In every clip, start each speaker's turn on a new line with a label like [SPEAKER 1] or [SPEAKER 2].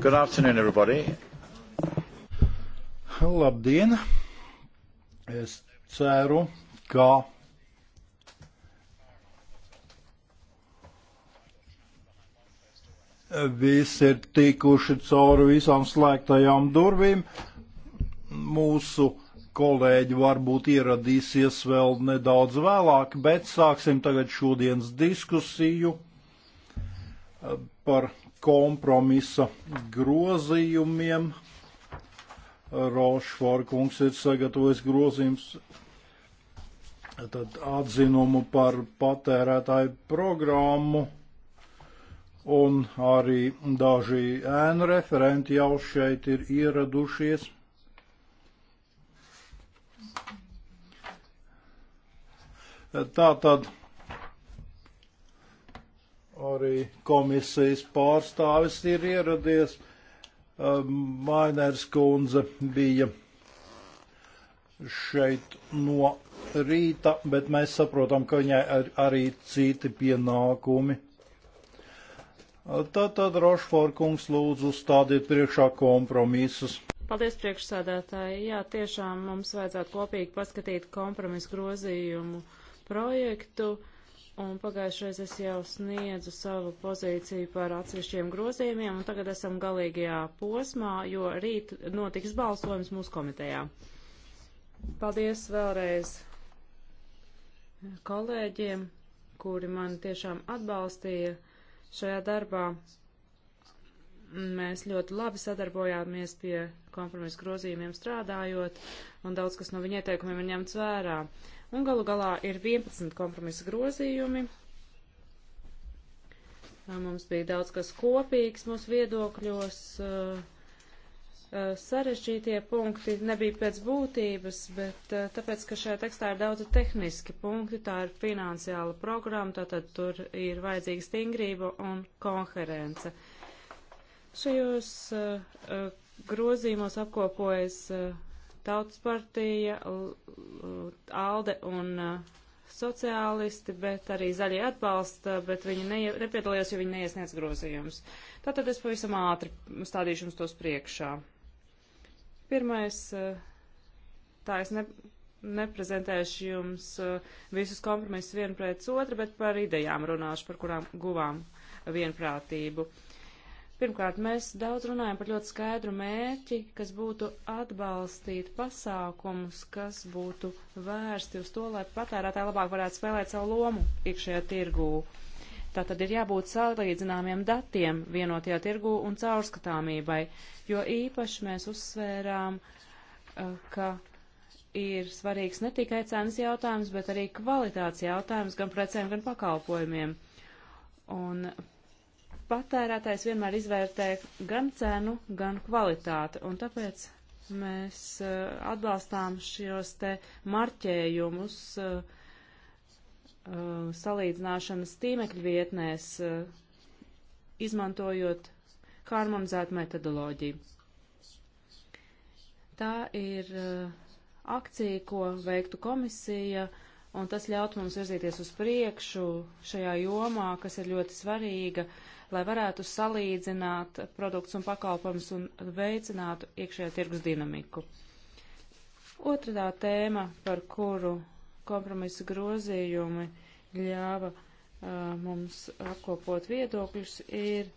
[SPEAKER 1] Good afternoon, everybody. Labdien! Es ceru, ka visi ir tikuši cauri visām slēgtajām durvīm. Mūsu kolēģi varbūt ieradīsies vēl nedaudz vēlāk, bet sāksim tagad šodienas diskusiju par kompromisa grozījumiem. Rošforkungs ir sagatavojis grozījums tad atzinumu par patērētāju programmu un arī daži ēnu referenti jau šeit ir ieradušies. Tā tad arī komisijas pārstāvis ir ieradies. Um, Mainērs kundze bija šeit no rīta, bet mēs saprotam, ka viņai ir arī citi pienākumi. Tātad Rošfor kungs lūdzu uzstādiet priekšā kompromisus.
[SPEAKER 2] Paldies priekšsādātāji. Jā, tiešām mums vajadzētu kopīgi paskatīt kompromisu grozījumu projektu. Uh, un pagājušreiz es jau sniedzu savu pozīciju par atsevišķiem grozījumiem, un tagad esam galīgajā posmā, jo rīt notiks balsojums mūsu komitejā. Paldies vēlreiz kolēģiem, kuri man tiešām atbalstīja šajā darbā. Mēs ļoti labi sadarbojāmies pie kompromisu grozījumiem strādājot, un daudz kas no viņa ieteikumiem ir ņemts vērā. Uh, Un galu galā ir 11 kompromisa grozījumi. Mums bija daudz kas kopīgs mūsu viedokļos. Sarežģītie punkti nebija pēc būtības, bet tāpēc, ka šajā tekstā ir daudz tehniski punkti, tā ir finansiāla programma, tātad tur ir vajadzīga stingrība un konherence. Šajos grozījumos apkopojas uh, Tautas partija, ALDE un uh, sociālisti, bet arī zaļie atbalsta, bet viņi ne, nepiedalījās, jo viņi neiesniedz grozījumus. Tātad es pavisam ātri stādīšu jums tos priekšā. Pirmais, uh, tā es ne, neprezentēšu jums uh, visus kompromisus vienu pret otru, bet par idejām runāšu, par kurām guvām vienprātību. Uh, Pirmkārt, mēs daudz runājam par ļoti skaidru mērķi, kas būtu atbalstīt pasākumus, kas būtu vērsti uz to, lai patērētāji labāk varētu spēlēt savu lomu iekšējā tirgū. Tātad ir jābūt salīdzināmiem datiem vienotajā tirgū un caurskatāmībai, jo īpaši mēs uzsvērām, eh, ka ir svarīgs ne tikai cenas jautājums, bet arī kvalitātes jautājums gan precēm, gan pakalpojumiem. Un patērētājs vienmēr izvērtē gan cenu, gan kvalitāti, un tāpēc mēs eh, atbalstām šos te marķējumus eh, eh, salīdzināšanas tīmekļu vietnēs, izmantojot harmonizētu metodoloģiju. Tā ir akcija, ko veiktu komisija, un tas ļaut mums virzīties uz priekšu šajā jomā, kas ir ļoti svarīga uh, lai varētu salīdzināt produktus un pakalpojumus un veicinātu iekšējā tirgus dinamiku. Otrā tēma, par kuru kompromisa grozījumi ļāva uh, mums apkopot viedokļus, ir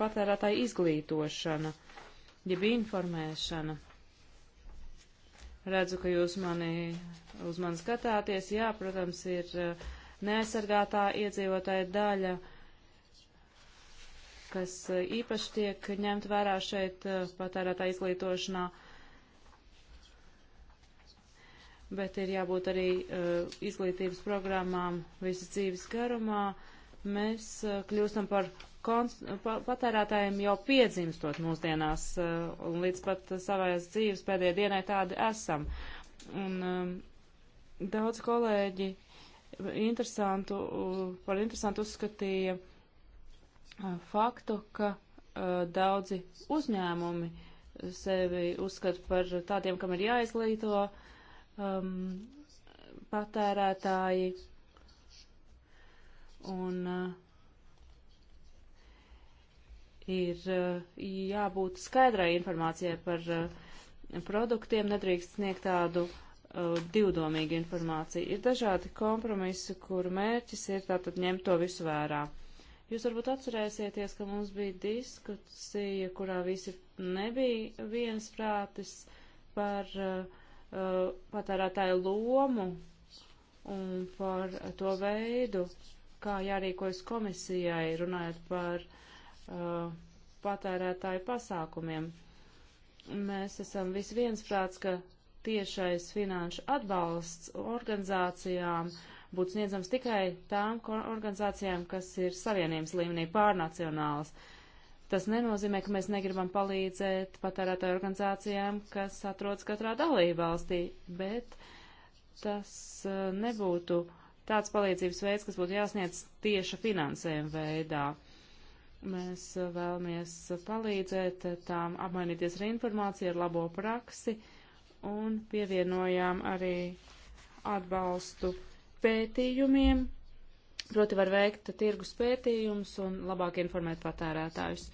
[SPEAKER 2] patērētāja izglītošana, jeb informēšana. Redzu, ka jūs mani uz mani skatāties. Jā, protams, ir neaizsargātā iedzīvotāja daļa. Uh, kas e, īpaši tiek ņemt vērā šeit e, patērētā izglītošanā, bet ir jābūt arī uh, izglītības programmām visas dzīves garumā. Mēs uh, kļūstam par pa patērētājiem jau piedzimstot mūsdienās, uh, un līdz pat savās dzīves pēdējai dienai tādi esam. Un, daudz kolēģi interesantu, par interesantu uzskatīja faktu, ka daudzi uzņēmumi sevi uzskata par tādiem, kam ir jāizglīto um, patērētāji. Un uh, ir uh, jābūt skaidrai informācijai par uh, produktiem, nedrīkst sniegt tādu uh, divdomīgu informāciju. Ir dažādi kompromisi, kuru mērķis ir tātad ņemt to visu vērā. Jūs varbūt atcerēsieties, ka mums bija diskusija, kurā visi nebija viensprātis par uh, uh, patērētāju lomu un par to veidu, kā jārīkojas komisijai, runājot par uh, patērētāju pasākumiem. Mēs esam visi viensprāts, ka tiešais finanšu atbalsts organizācijām uh, būtu sniedzams tikai tām organizācijām, kas ir savienības līmenī pārnacionālas. Tas nenozīmē, ka mēs negribam palīdzēt patērētāju organizācijām, kas atrodas katrā dalībvalstī, bet tas uh, nebūtu tāds palīdzības veids, kas būtu jāsniedz tieša finansējuma veidā. Mēs uh, vēlamies palīdzēt tām apmainīties ar informāciju, ar labo praksi un pievienojām arī atbalstu pētījumiem, proti var veikt tirgus pētījumus un labāk informēt patērētājus.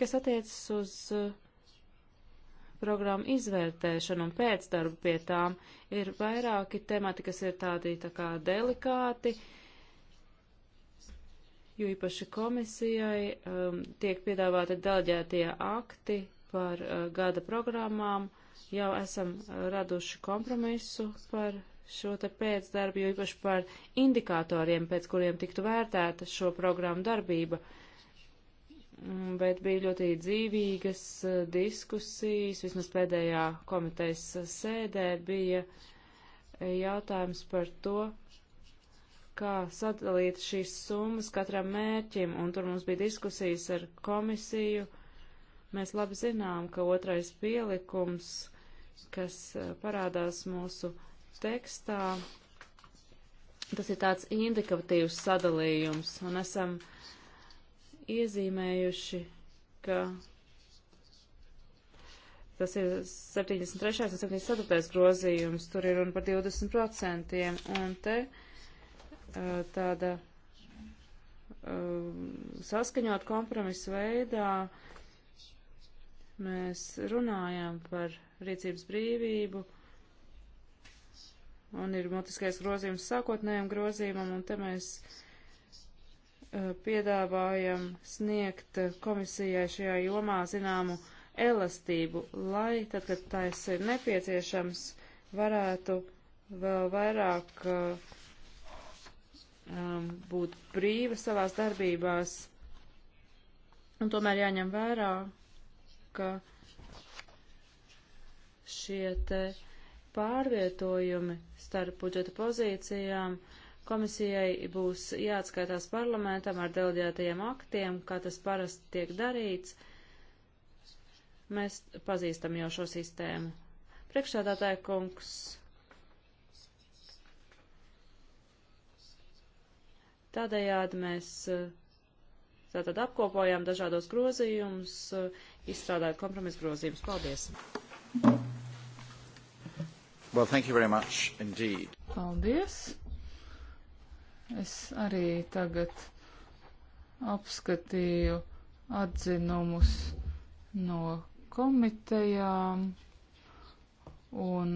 [SPEAKER 2] Kas attiecas uz uh, programmu izvērtēšanu un pēcdarbu pie tām, ir vairāki temati, kas ir tādi tā kā delikāti, jo īpaši komisijai um, tiek piedāvāti daļģētie akti par uh, gada programmām. Jau esam uh, raduši kompromisu par šo te pēcdarbu, jo īpaši par indikatoriem, pēc kuriem tiktu vērtēta šo programmu darbība. Mm, bet bija ļoti dzīvīgas eh, diskusijas, vismaz pēdējā komitejas eh, sēdē bija eh, jautājums par to, kā sadalīt šīs summas katram mērķim, un tur mums bija diskusijas ar komisiju. Mēs labi zinām, ka otrais pielikums, kas parādās mūsu uh, tekstā tas ir tāds indikatīvs sadalījums, un esam iezīmējuši, ka tas ir 73. un 74. grozījums, tur ir runa par 20%, un te tāda saskaņot kompromisu veidā mēs runājam par rīcības brīvību, un ir mutiskais grozījums sākotnējam grozījumam, un te mēs uh, piedāvājam sniegt komisijai šajā jomā zināmu elastību, lai tad, kad tais ir nepieciešams, varētu vēl vairāk uh, um, būt brīva savās darbībās. Un tomēr jāņem vērā, ka šie te uh, pārvietojumi starp budžeta pozīcijām komisijai būs jāatskaitās parlamentam ar delģētajiem aktiem, kā tas parasti tiek darīts. Mēs pazīstam jau šo sistēmu. Priekšsēdātāja kungs. Tādējādi mēs tātad apkopojām dažādos grozījumus, izstrādājot kompromisu grozījumus. Paldies! Thank you.
[SPEAKER 1] Well, thank you very much indeed.
[SPEAKER 2] Paldies.
[SPEAKER 3] Es arī tagad apskatīju atzinumus no komitejām un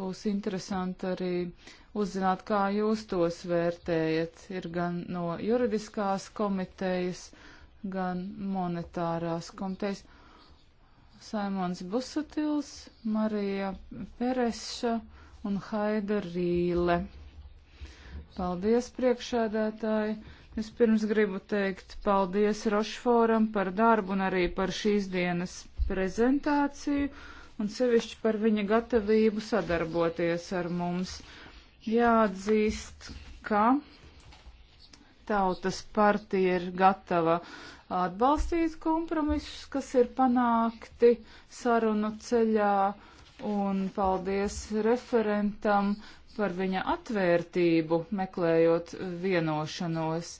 [SPEAKER 3] būs interesanti arī uzzināt, kā jūs tos vērtējat. Ir gan no juridiskās komitejas, gan monetārās komitejas. Saimons Busutils, Marija Pereša un Haida Rīle. Paldies, priekšādātāji! Es pirms gribu teikt paldies Rošforam par darbu un arī par šīs dienas prezentāciju un sevišķi par viņa gatavību sadarboties ar mums. Jāatzīst, ka tautas partija ir gatava atbalstīt kompromisus, kas ir panākti sarunu ceļā, un paldies referentam par viņa atvērtību, meklējot vienošanos.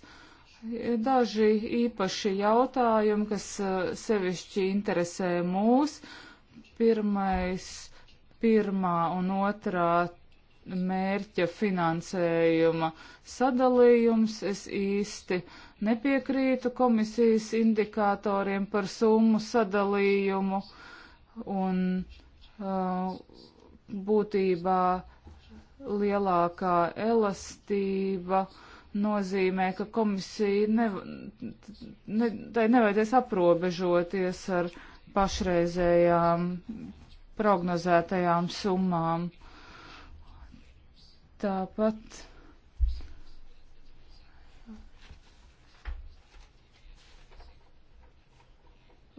[SPEAKER 3] Daži īpaši jautājumi, kas eh, sevišķi interesē mūs, pirmais, pirmā un otrā mērķa finansējuma sadalījums, es īsti uh, nepiekrītu komisijas indikatoriem par summu sadalījumu un uh, būtībā lielākā elastība nozīmē, ka komisija nev, ne, tai nevajadzēs aprobežoties ar pašreizējām prognozētajām summām. Tāpat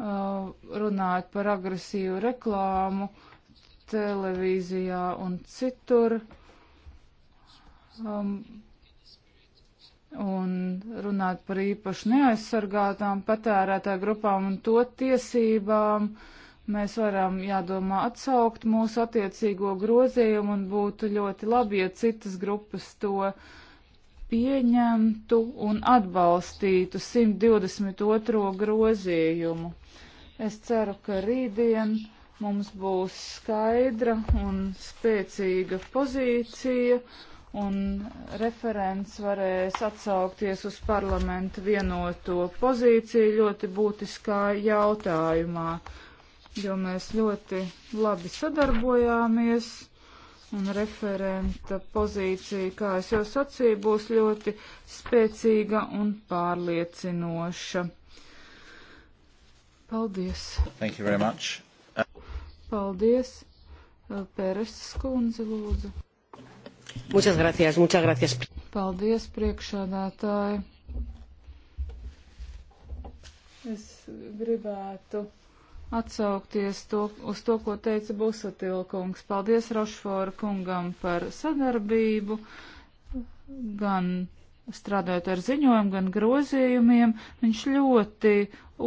[SPEAKER 3] Uh, runāt par agresīvu reklāmu televīzijā un citur. Um, un runāt par īpaši neaizsargātām patērētāju grupām un to tiesībām. Mēs varam, jādomā, atsaukt mūsu attiecīgo grozījumu un būtu ļoti labi, ja citas grupas to uh, pieņemtu un atbalstītu 122. grozījumu. Es ceru, ka rītdien mums būs skaidra un spēcīga pozīcija, un referents varēs atsaukties uz parlamentu vienoto pozīciju ļoti būtiskā jautājumā, jo mēs ļoti labi sadarbojāmies un referenta pozīcija, kā es jau sacīju, būs ļoti spēcīga un pārliecinoša. Paldies! Thank you very much. Paldies! Uh, Pēres skundze, lūdzu.
[SPEAKER 2] Muchas gracias, muchas gracias.
[SPEAKER 3] Paldies, priekšādātāji. Es gribētu atsaukties to, uz to, ko teica Busatilkungs. Paldies Rošfora kungam par sadarbību, gan strādājot ar ziņojumu, gan grozījumiem. Viņš ļoti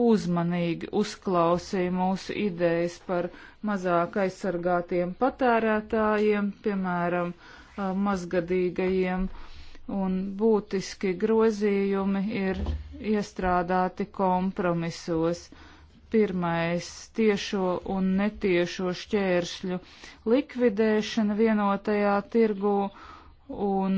[SPEAKER 3] uzmanīgi uzklausīja mūsu idejas par mazāk aizsargātiem patērētājiem, piemēram, mazgadīgajiem, un būtiski grozījumi ir iestrādāti kompromisos. Pirmais - tiešo un netiešo šķēršļu likvidēšana vienotajā tirgu un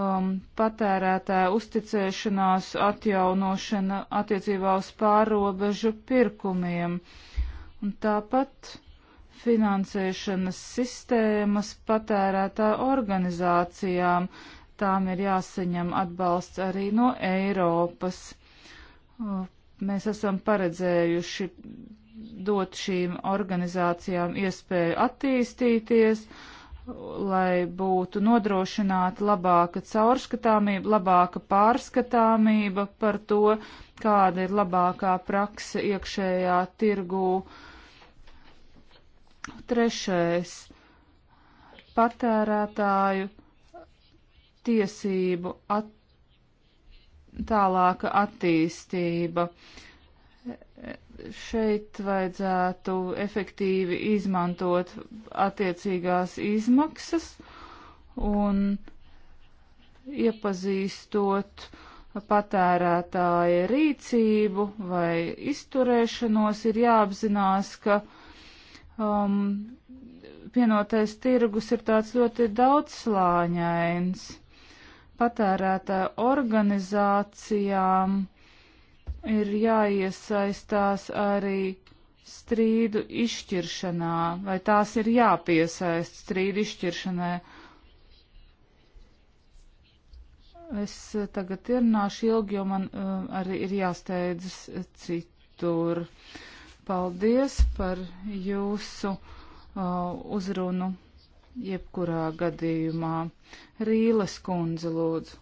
[SPEAKER 3] um, patērētāja uzticēšanās atjaunošana attiecībā uz pārobežu pirkumiem. Un tāpat finansēšanas sistēmas patērētāju organizācijām. Tām ir jāsaņem atbalsts arī no Eiropas. Uh, Mēs esam paredzējuši dot šīm organizācijām iespēju attīstīties, lai būtu nodrošināta labāka caurskatāmība, labāka pārskatāmība par to, kāda ir labākā prakse iekšējā tirgū. Trešais - patērētāju tiesību attīstība tālāka attīstība. Šeit vajadzētu efektīvi izmantot attiecīgās izmaksas un iepazīstot patērētāja rīcību vai izturēšanos, ir jāapzinās, ka um, pienotais tirgus ir tāds ļoti daudzslāņains patērētāju organizācijām ir jāiesaistās arī strīdu izšķiršanā, vai tās ir jāpiesaist strīdu izšķiršanai. Es tagad ierunāšu ilgi, jo man uh, arī ir jāsteidzas citur. Paldies par jūsu uh, uzrunu jebkurā gadījumā. Rīles kundze lūdzu.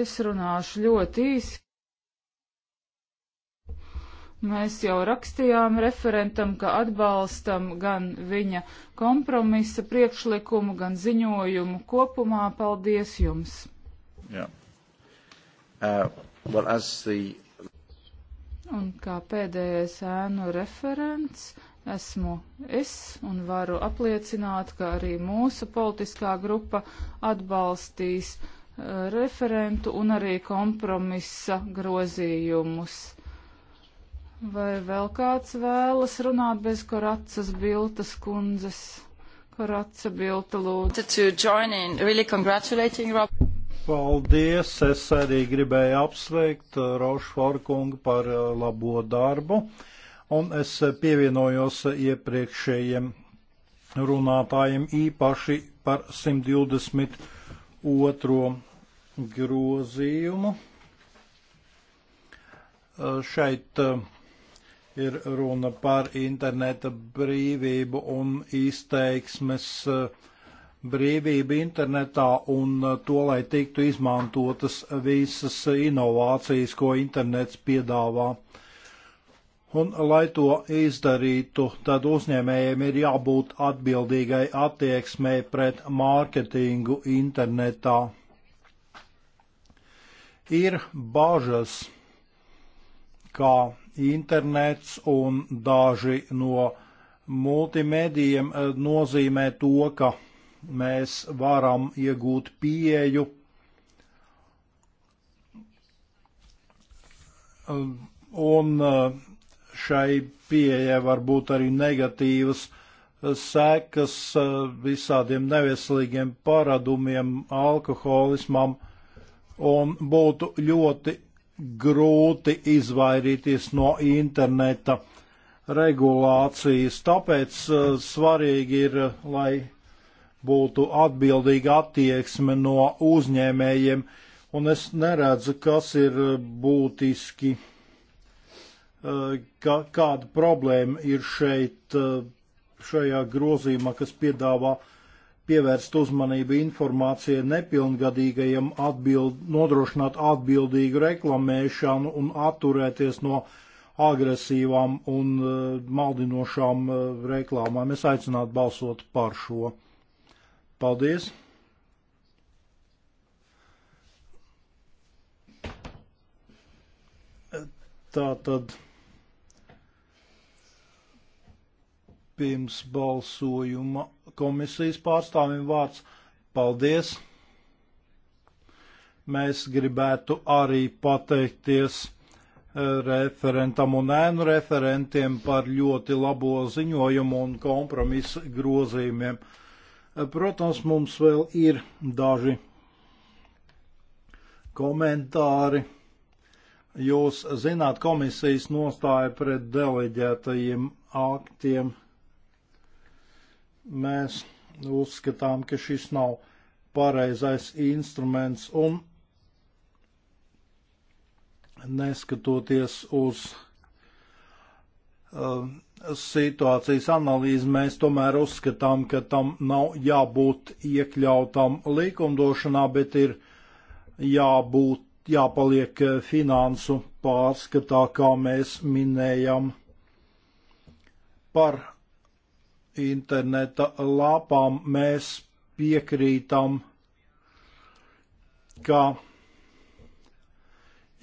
[SPEAKER 3] Es runāšu ļoti īsi. Mēs jau rakstījām referentam, ka atbalstam gan viņa kompromisa priekšlikumu, gan ziņojumu kopumā. Paldies jums!
[SPEAKER 1] Yeah. Uh, well, the...
[SPEAKER 3] Un kā pēdējais ēnu referents, esmu es un varu apliecināt, ka arī mūsu politiskā grupa atbalstīs uh, referentu un arī kompromisa grozījumus. Vai vēl kāds vēlas runāt bez Koracas Biltas kundzes? Koraca Bilta lūdzu. Really
[SPEAKER 1] Paldies, es arī gribēju apsveikt eh, Rošu Forkungu par eh, labo darbu. Uh, un es pievienojos iepriekšējiem runātājiem īpaši par 122. grozījumu. Šeit uh, ir runa par interneta brīvību un izteiksmes uh, brīvību internetā un uh, to, lai tiktu izmantotas visas inovācijas, ko internets piedāvā. Uh, Un, lai to izdarītu, tad uzņēmējiem ir jābūt atbildīgai attieksmei pret mārketingu internetā. Ir bažas, kā internets un daži no multimedijiem eh, nozīmē to, ka mēs varam iegūt pieeju eh, un uh, šai pieejai var būt arī negatīvas eh, sekas eh, visādiem neveselīgiem paradumiem, alkoholismam, un būtu ļoti grūti izvairīties no interneta regulācijas. Tāpēc eh, svarīgi ir, lai būtu atbildīga attieksme no uzņēmējiem, un es neredzu, kas ir būtiski Eh, ka kāda problēma ir šeit eh, šajā grozījumā, kas piedāvā pievērst uzmanību informācijai nepilngadīgajiem, atbild, nodrošināt atbildīgu reklamēšanu un atturēties no agresīvām un eh, maldinošām reklāmām. Es aicinātu balsot par šo. Paldies! Tā tad. pirms balsojuma komisijas pārstāvim vārds. Paldies! Mēs gribētu arī pateikties eh, referentam un ēnu referentiem par ļoti labo ziņojumu un kompromisu grozījumiem. Eh, protams, mums vēl ir daži komentāri. Jūs zināt komisijas nostāja pret deleģētajiem aktiem mēs uzskatām, ka šis nav pareizais instruments un neskatoties uz uh, situācijas analīzi, mēs tomēr uzskatām, ka tam nav jābūt iekļautam likumdošanā, bet ir jābūt, jāpaliek eh, finansu pārskatā, kā mēs minējam par interneta lapām mēs piekrītam, ka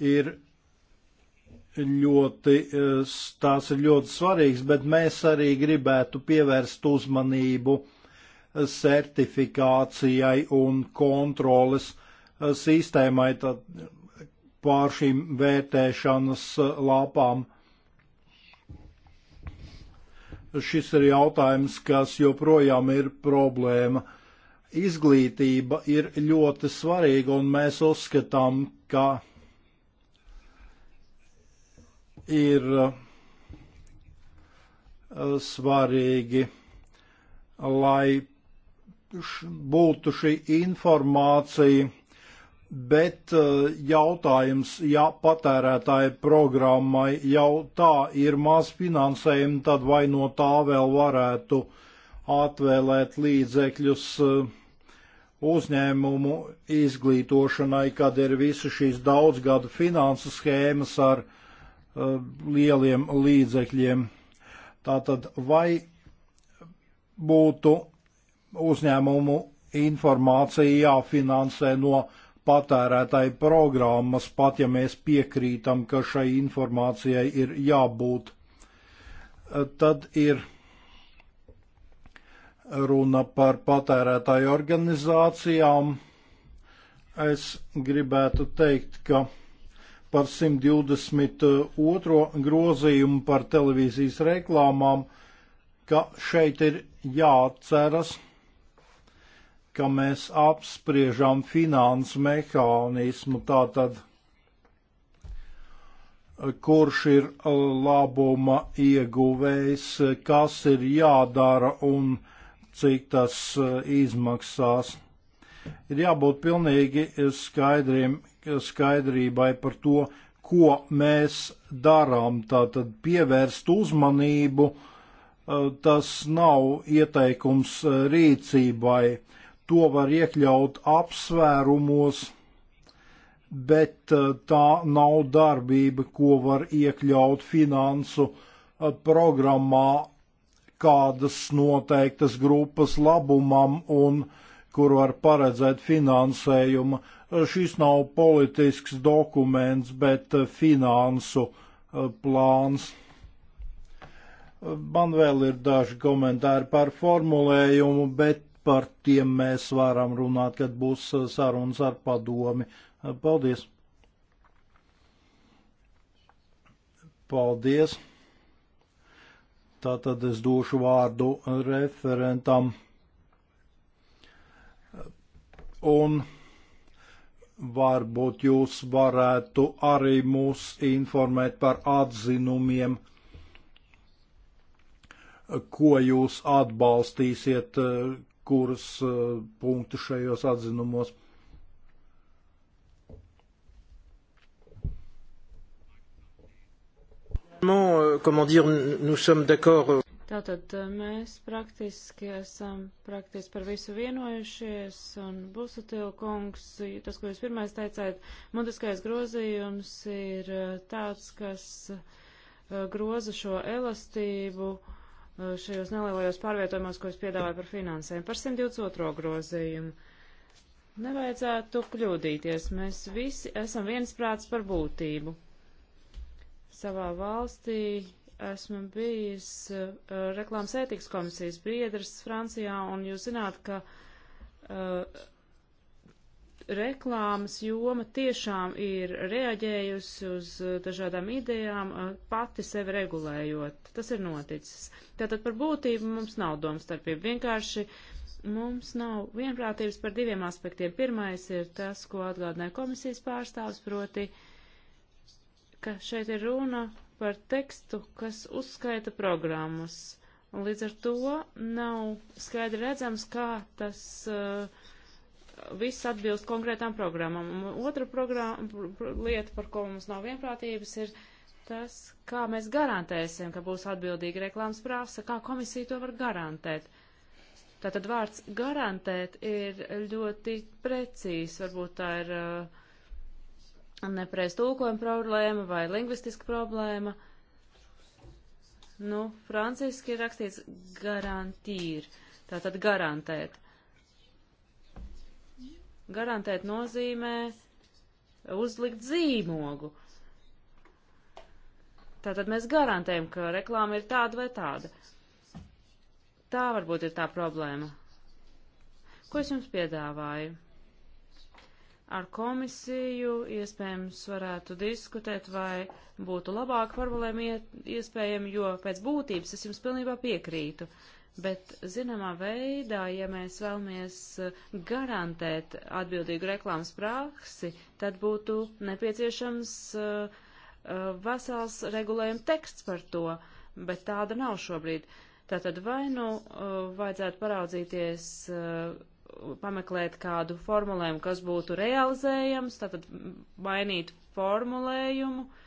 [SPEAKER 1] ir ļoti, eh, tās ir ļoti svarīgas, bet mēs arī gribētu pievērst uzmanību certifikācijai un kontroles eh, sistēmai pār šīm vērtēšanas eh, lapām šis ir jautājums, kas joprojām ir problēma. Izglītība ir ļoti svarīga, un mēs uzskatām, ka ir uh, svarīgi, lai būtu šī informācija bet eh, jautājums, ja patērētāja programmai jau tā ir maz finansējumi, tad vai no tā vēl varētu atvēlēt līdzekļus eh, uzņēmumu izglītošanai, kad ir visu šīs daudzgadu finanses schēmas ar eh, lieliem līdzekļiem. Tātad vai būtu uzņēmumu informācija jāfinansē no uh, patērētāju programmas, pat ja mēs piekrītam, ka šai informācijai ir jābūt. Tad ir runa par patērētāju organizācijām. Es gribētu teikt, ka par 122. grozījumu par televīzijas reklāmām, ka šeit ir jāatceras, ka mēs apspriežam finansu mehānismu, tātad kurš ir labuma ieguvējs, kas ir jādara un cik tas e, izmaksās. Ir jābūt pilnīgi skaidriem, skaidrībai par to, ko mēs darām, tātad pievērst uzmanību, e, tas nav ieteikums e, rīcībai to var iekļaut apsvērumos, bet eh, tā nav darbība, ko var iekļaut finansu eh, programmā kādas noteiktas grupas labumam un kur var paredzēt finansējumu. Eh, šis nav politisks dokuments, bet finansu plāns. Man vēl ir daži komentāri par formulējumu, bet par tiem mēs varam runāt, kad būs uh, sarunas ar padomi. Uh, paldies! Paldies! Tātad es došu vārdu referentam. Un varbūt jūs varētu arī mūs informēt par atzinumiem, ko jūs atbalstīsiet, kuras eh, punktu šajos atzinumos.
[SPEAKER 2] Nu, Tātad eh, mēs praktiski esam praktiski par visu vienojušies, un Busutila kungs, tas, ko jūs pirmais teicāt, mutiskais grozījums ir eh, tāds, kas groza šo elastību uh, Eh, šajos nelielajos pārvietojumos, ko es piedāvāju par finansēm, par 122. grozījumu. Nevajadzētu kļūdīties, mēs visi esam viensprāts par būtību. Savā valstī esmu bijis uh, reklāmas ētikas komisijas biedrs Francijā, un jūs zināt, ka uh, reklāmas joma tiešām ir reaģējusi uz uh, dažādām idejām, uh, pati sevi regulējot. Tas ir noticis. Tātad par būtību mums nav domstarpība. Vienkārši mums nav vienprātības par diviem aspektiem. Pirmais ir tas, ko atgādināja komisijas pārstāvs, proti, ka šeit ir runa par tekstu, kas uzskaita programmas. Un līdz ar to nav skaidri redzams, kā tas uh, viss atbilst konkrētām programmām. Un otra programma, lieta, par ko mums nav vienprātības, ir tas, kā mēs garantēsim, ka būs atbildīga reklāmas prasa, kā komisija to var garantēt. Tātad vārds garantēt ir ļoti precīzs, varbūt tā ir uh, nepreiz tulkojuma problēma vai lingvistiska problēma. Nu, franciski ir rakstīts garantīr, tātad garantēt. Garantēt nozīmē uzlikt zīmogu. Tātad mēs garantējam, ka reklāma ir tāda vai tāda. Tā varbūt ir tā problēma. Ko es jums piedāvāju? Ar komisiju iespējams varētu diskutēt, vai būtu labāk formulējumi iespējami, jo pēc būtības es jums pilnībā piekrītu bet zināmā veidā, ja mēs vēlamies eh, garantēt atbildīgu reklāmas praksi, tad būtu nepieciešams uh, vesels regulējuma teksts par to, bet tāda nav šobrīd. Tātad vai nu uh, vajadzētu paraudzīties, uh, pameklēt kādu formulējumu, kas būtu realizējams, tātad mainīt formulējumu, uh,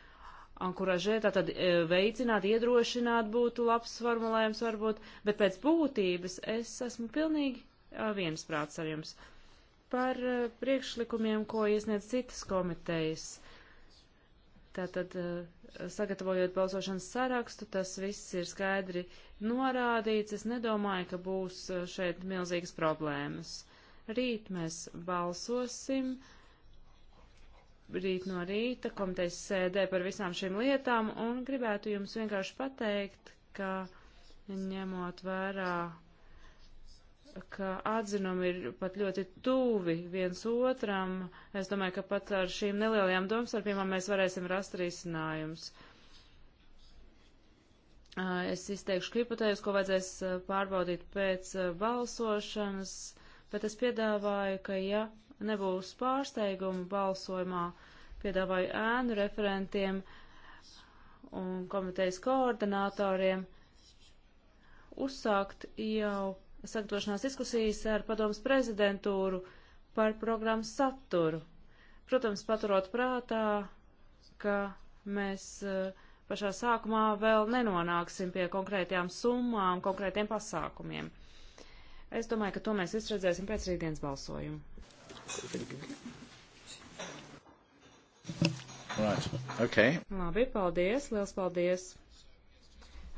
[SPEAKER 2] Ankuražē, tātad e, veicināt, iedrošināt būtu labs formulējums varbūt, bet pēc būtības es esmu pilnīgi e, viensprāts ar jums par e, priekšlikumiem, ko iesniedz citas komitejas. Tātad, sagatavojot balsošanas sarakstu, tas viss ir skaidri norādīts. Es nedomāju, ka būs šeit milzīgas problēmas. Rīt mēs balsosim rīt no rīta komitejas sēdē par visām šīm lietām un gribētu jums vienkārši pateikt, ka ņemot vērā, ka atzinumi ir pat ļoti tuvi viens otram, es domāju, ka pat ar šīm nelielajām domstarpībām mēs varēsim rast risinājums. Es izteikšu hipotēzi, ko vajadzēs pārbaudīt pēc balsošanas, bet es piedāvāju, ka ja nebūs pārsteigumu balsojumā, piedāvāju ēnu referentiem un komitejas koordinātoriem uzsākt jau sagatavošanās diskusijas ar padomas prezidentūru par programmas saturu. Protams, paturot prātā, ka mēs eh, pašā sākumā vēl nenonāksim pie konkrētajām summām, konkrētiem pasākumiem. Es domāju, ka to mēs izredzēsim pēc rītdienas balsojuma. Right. Okay. Labi, paldies, liels paldies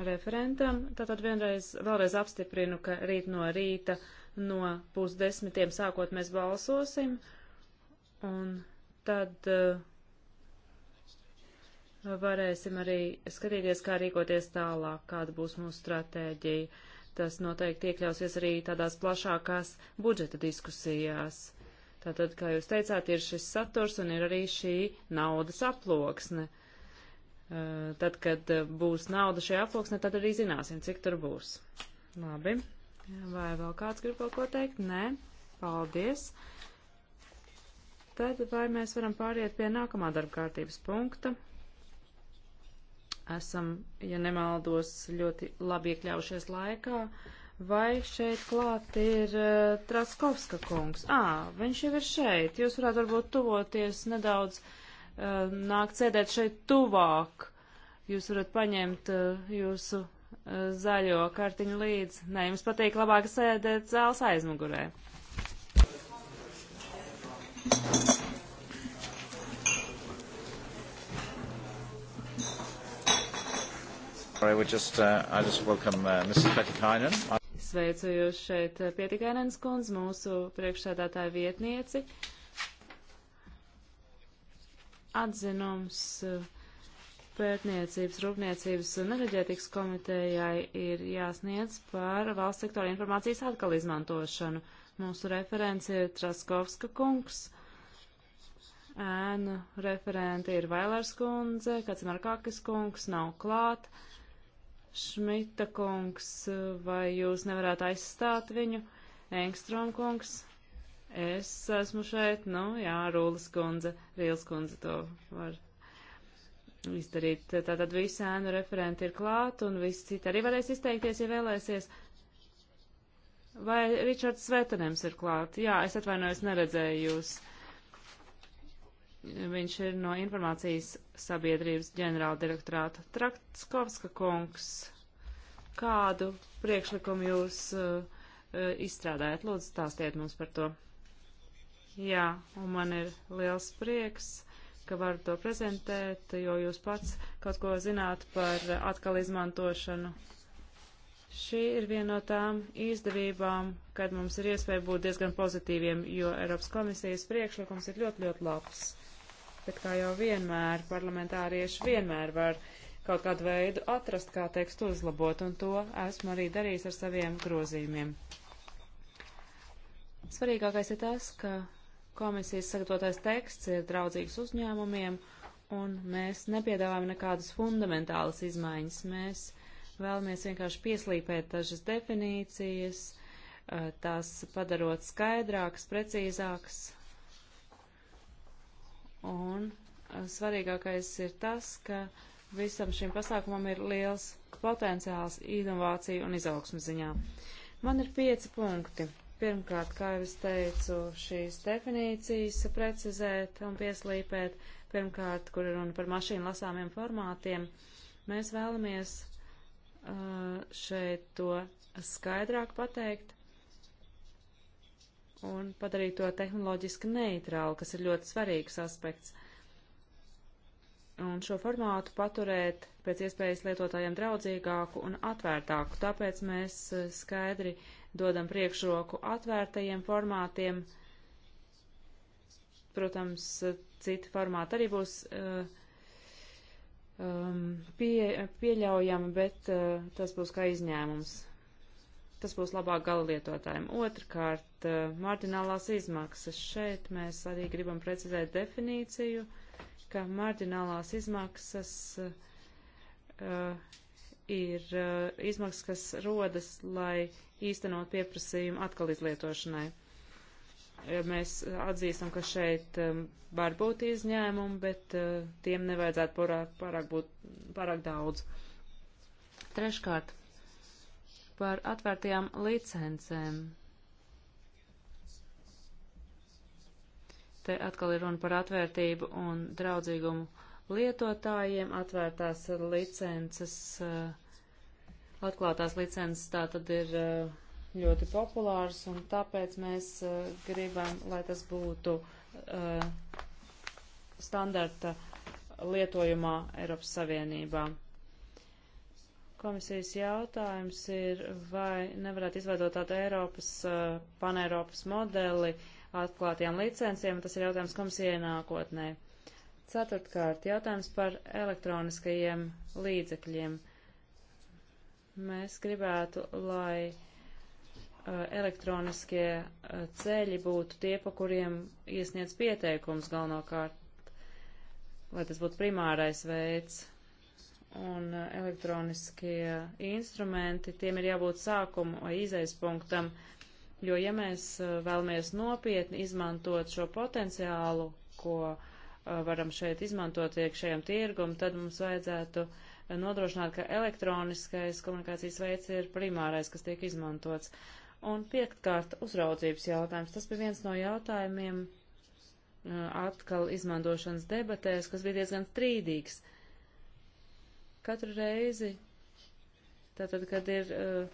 [SPEAKER 2] referentam. Tātad vienreiz, vēlreiz apstiprinu, ka rīt no rīta no pusdesmitiem sākot mēs balsosim, un tad uh, varēsim arī skatīties, kā rīkoties tālāk, kāda būs mūsu stratēģija. Tas noteikti iekļausies arī tādās plašākās budžeta diskusijās Tātad, kā jūs teicāt, ir šis saturs un ir arī šī naudas aploksne. Uh, tad, kad uh, būs nauda šajā aploksnē, tad arī zināsim, cik tur būs. Labi. Vai vēl kāds grib kaut ko teikt? Nē. Paldies. Tad vai mēs varam pāriet pie nākamā darba kārtības punkta? Esam, ja nemaldos, ļoti labi iekļaujušies laikā. Uh, Vai šeit klāt ir uh, Traskovska kungs? Ā, viņš jau ir šeit. Jūs varētu varbūt tuvoties nedaudz, uh, eh, nākt sēdēt šeit tuvāk. Jūs varat paņemt uh, jūsu uh, zaļo kartiņu līdzi. Nē, jums patīk labāk sēdēt zāles aizmugurē.
[SPEAKER 1] I would just, uh, I just welcome uh, Mrs. Bettikainen. I
[SPEAKER 2] Sveicu jūs šeit eh, pietikānens kundz, mūsu priekšsēdātāja vietnieci. Atzinums eh, pētniecības, rūpniecības un enerģētikas komitejai ir jāsniedz par valsts sektora informācijas atkal izmantošanu. Mūsu referents ir Traskovska kungs, ēnu referenti ir Vailers kundze, Kacimarkakis kungs nav klāt. Uh, Šmita kungs, vai jūs nevarētu aizstāt viņu? Engstrom kungs, es esmu šeit, nu jā, Rūlas kundze, Rīls kundze to var izdarīt. Tātad visi ēnu referenti ir klāt un visi citi arī varēs izteikties, ja vēlēsies. Vai Ričards Svetanēms ir klāt? Jā, es atvainojos, neredzēju jūs. Uh, Viņš ir no informācijas sabiedrības ģenerāla direktorāta Traktskovska kungs. Kādu priekšlikumu jūs uh, uh, izstrādājat? Lūdzu, stāstiet mums par to. Jā, un man ir liels prieks, ka varu to prezentēt, jo jūs pats kaut ko zināt par atkal izmantošanu. Šī ir viena no tām izdevībām, kad mums ir iespēja būt diezgan pozitīviem, jo Eiropas komisijas priekšlikums ir ļoti, ļoti labs. Uh, bet kā jau vienmēr, parlamentārieši vienmēr var kaut kādu veidu atrast, kā tekstu uzlabot, un to esmu arī darījis ar saviem grozījumiem. Svarīgākais ir tas, ka komisijas sagatavotais teksts ir draudzīgs uzņēmumiem, un mēs nepiedāvājam nekādas fundamentālas izmaiņas. Mēs vēlamies vienkārši pieslīpēt dažas definīcijas, eh, tās padarot skaidrākas, precīzākas, Un eh, svarīgākais ir tas, ka visam šim pasākumam ir liels potenciāls inovāciju un izaugsmu ziņā. Man ir pieci punkti. Pirmkārt, kā jau es teicu, šīs definīcijas precizēt un pieslīpēt. Pirmkārt, kur ir runa par mašīnu lasāmiem formātiem, mēs vēlamies eh, šeit to skaidrāk pateikt un padarīt to tehnoloģiski neitrālu, kas ir ļoti svarīgs aspekts. Un šo formātu paturēt pēc iespējas lietotājiem draudzīgāku un atvērtāku. Tāpēc mēs eh, skaidri dodam priekšroku atvērtajiem formātiem. Protams, citi formāti arī būs uh, um, pie, pieļaujami, bet uh, tas būs kā izņēmums. Tas būs labāk galalietotājiem. Otrakārt, eh, marģinālās izmaksas. Šeit mēs arī gribam precizēt definīciju, ka marģinālās izmaksas uh, ir uh, izmaksas, kas rodas, lai īstenot pieprasījumu atkal izlietošanai. Mēs atzīstam, ka šeit um, var būt izņēmumi, bet uh, tiem nevajadzētu pārāk, pārāk būt pārāk daudz. Treškārt, par atvērtajām licencēm. Te atkal ir runa par atvērtību un draudzīgumu lietotājiem. Atvērtās licences, eh, atklātās licences tā tad ir eh, ļoti populārs un tāpēc mēs eh, gribam, lai tas būtu standarta lietojumā Eiropas Savienībā. Komisijas jautājums ir, vai nevarētu izveidot tādu Eiropas, eh, paneiropas modeli atklātajām licencēm, tas ir jautājums komisijai nākotnē. Ceturtkārt, jautājums par elektroniskajiem līdzekļiem. Mēs gribētu, lai eh, elektroniskie eh, ceļi būtu tie, pa kuriem iesniedz pieteikums galvenokārt, lai tas būtu primārais veids un uh, elektroniskie instrumenti, tiem ir jābūt sākumu vai izejas punktam, jo ja mēs uh, vēlamies nopietni izmantot šo potenciālu, ko uh, varam šeit izmantot iekšējam tirgum, tad mums vajadzētu nodrošināt, ka elektroniskais komunikācijas veids ir primārais, kas tiek izmantots. Un piektkārt, uzraudzības jautājums. Tas bija viens no jautājumiem atkal izmantošanas debatēs, kas bija diezgan strīdīgs. Uh, Katru reizi, tātad, kad ir uh,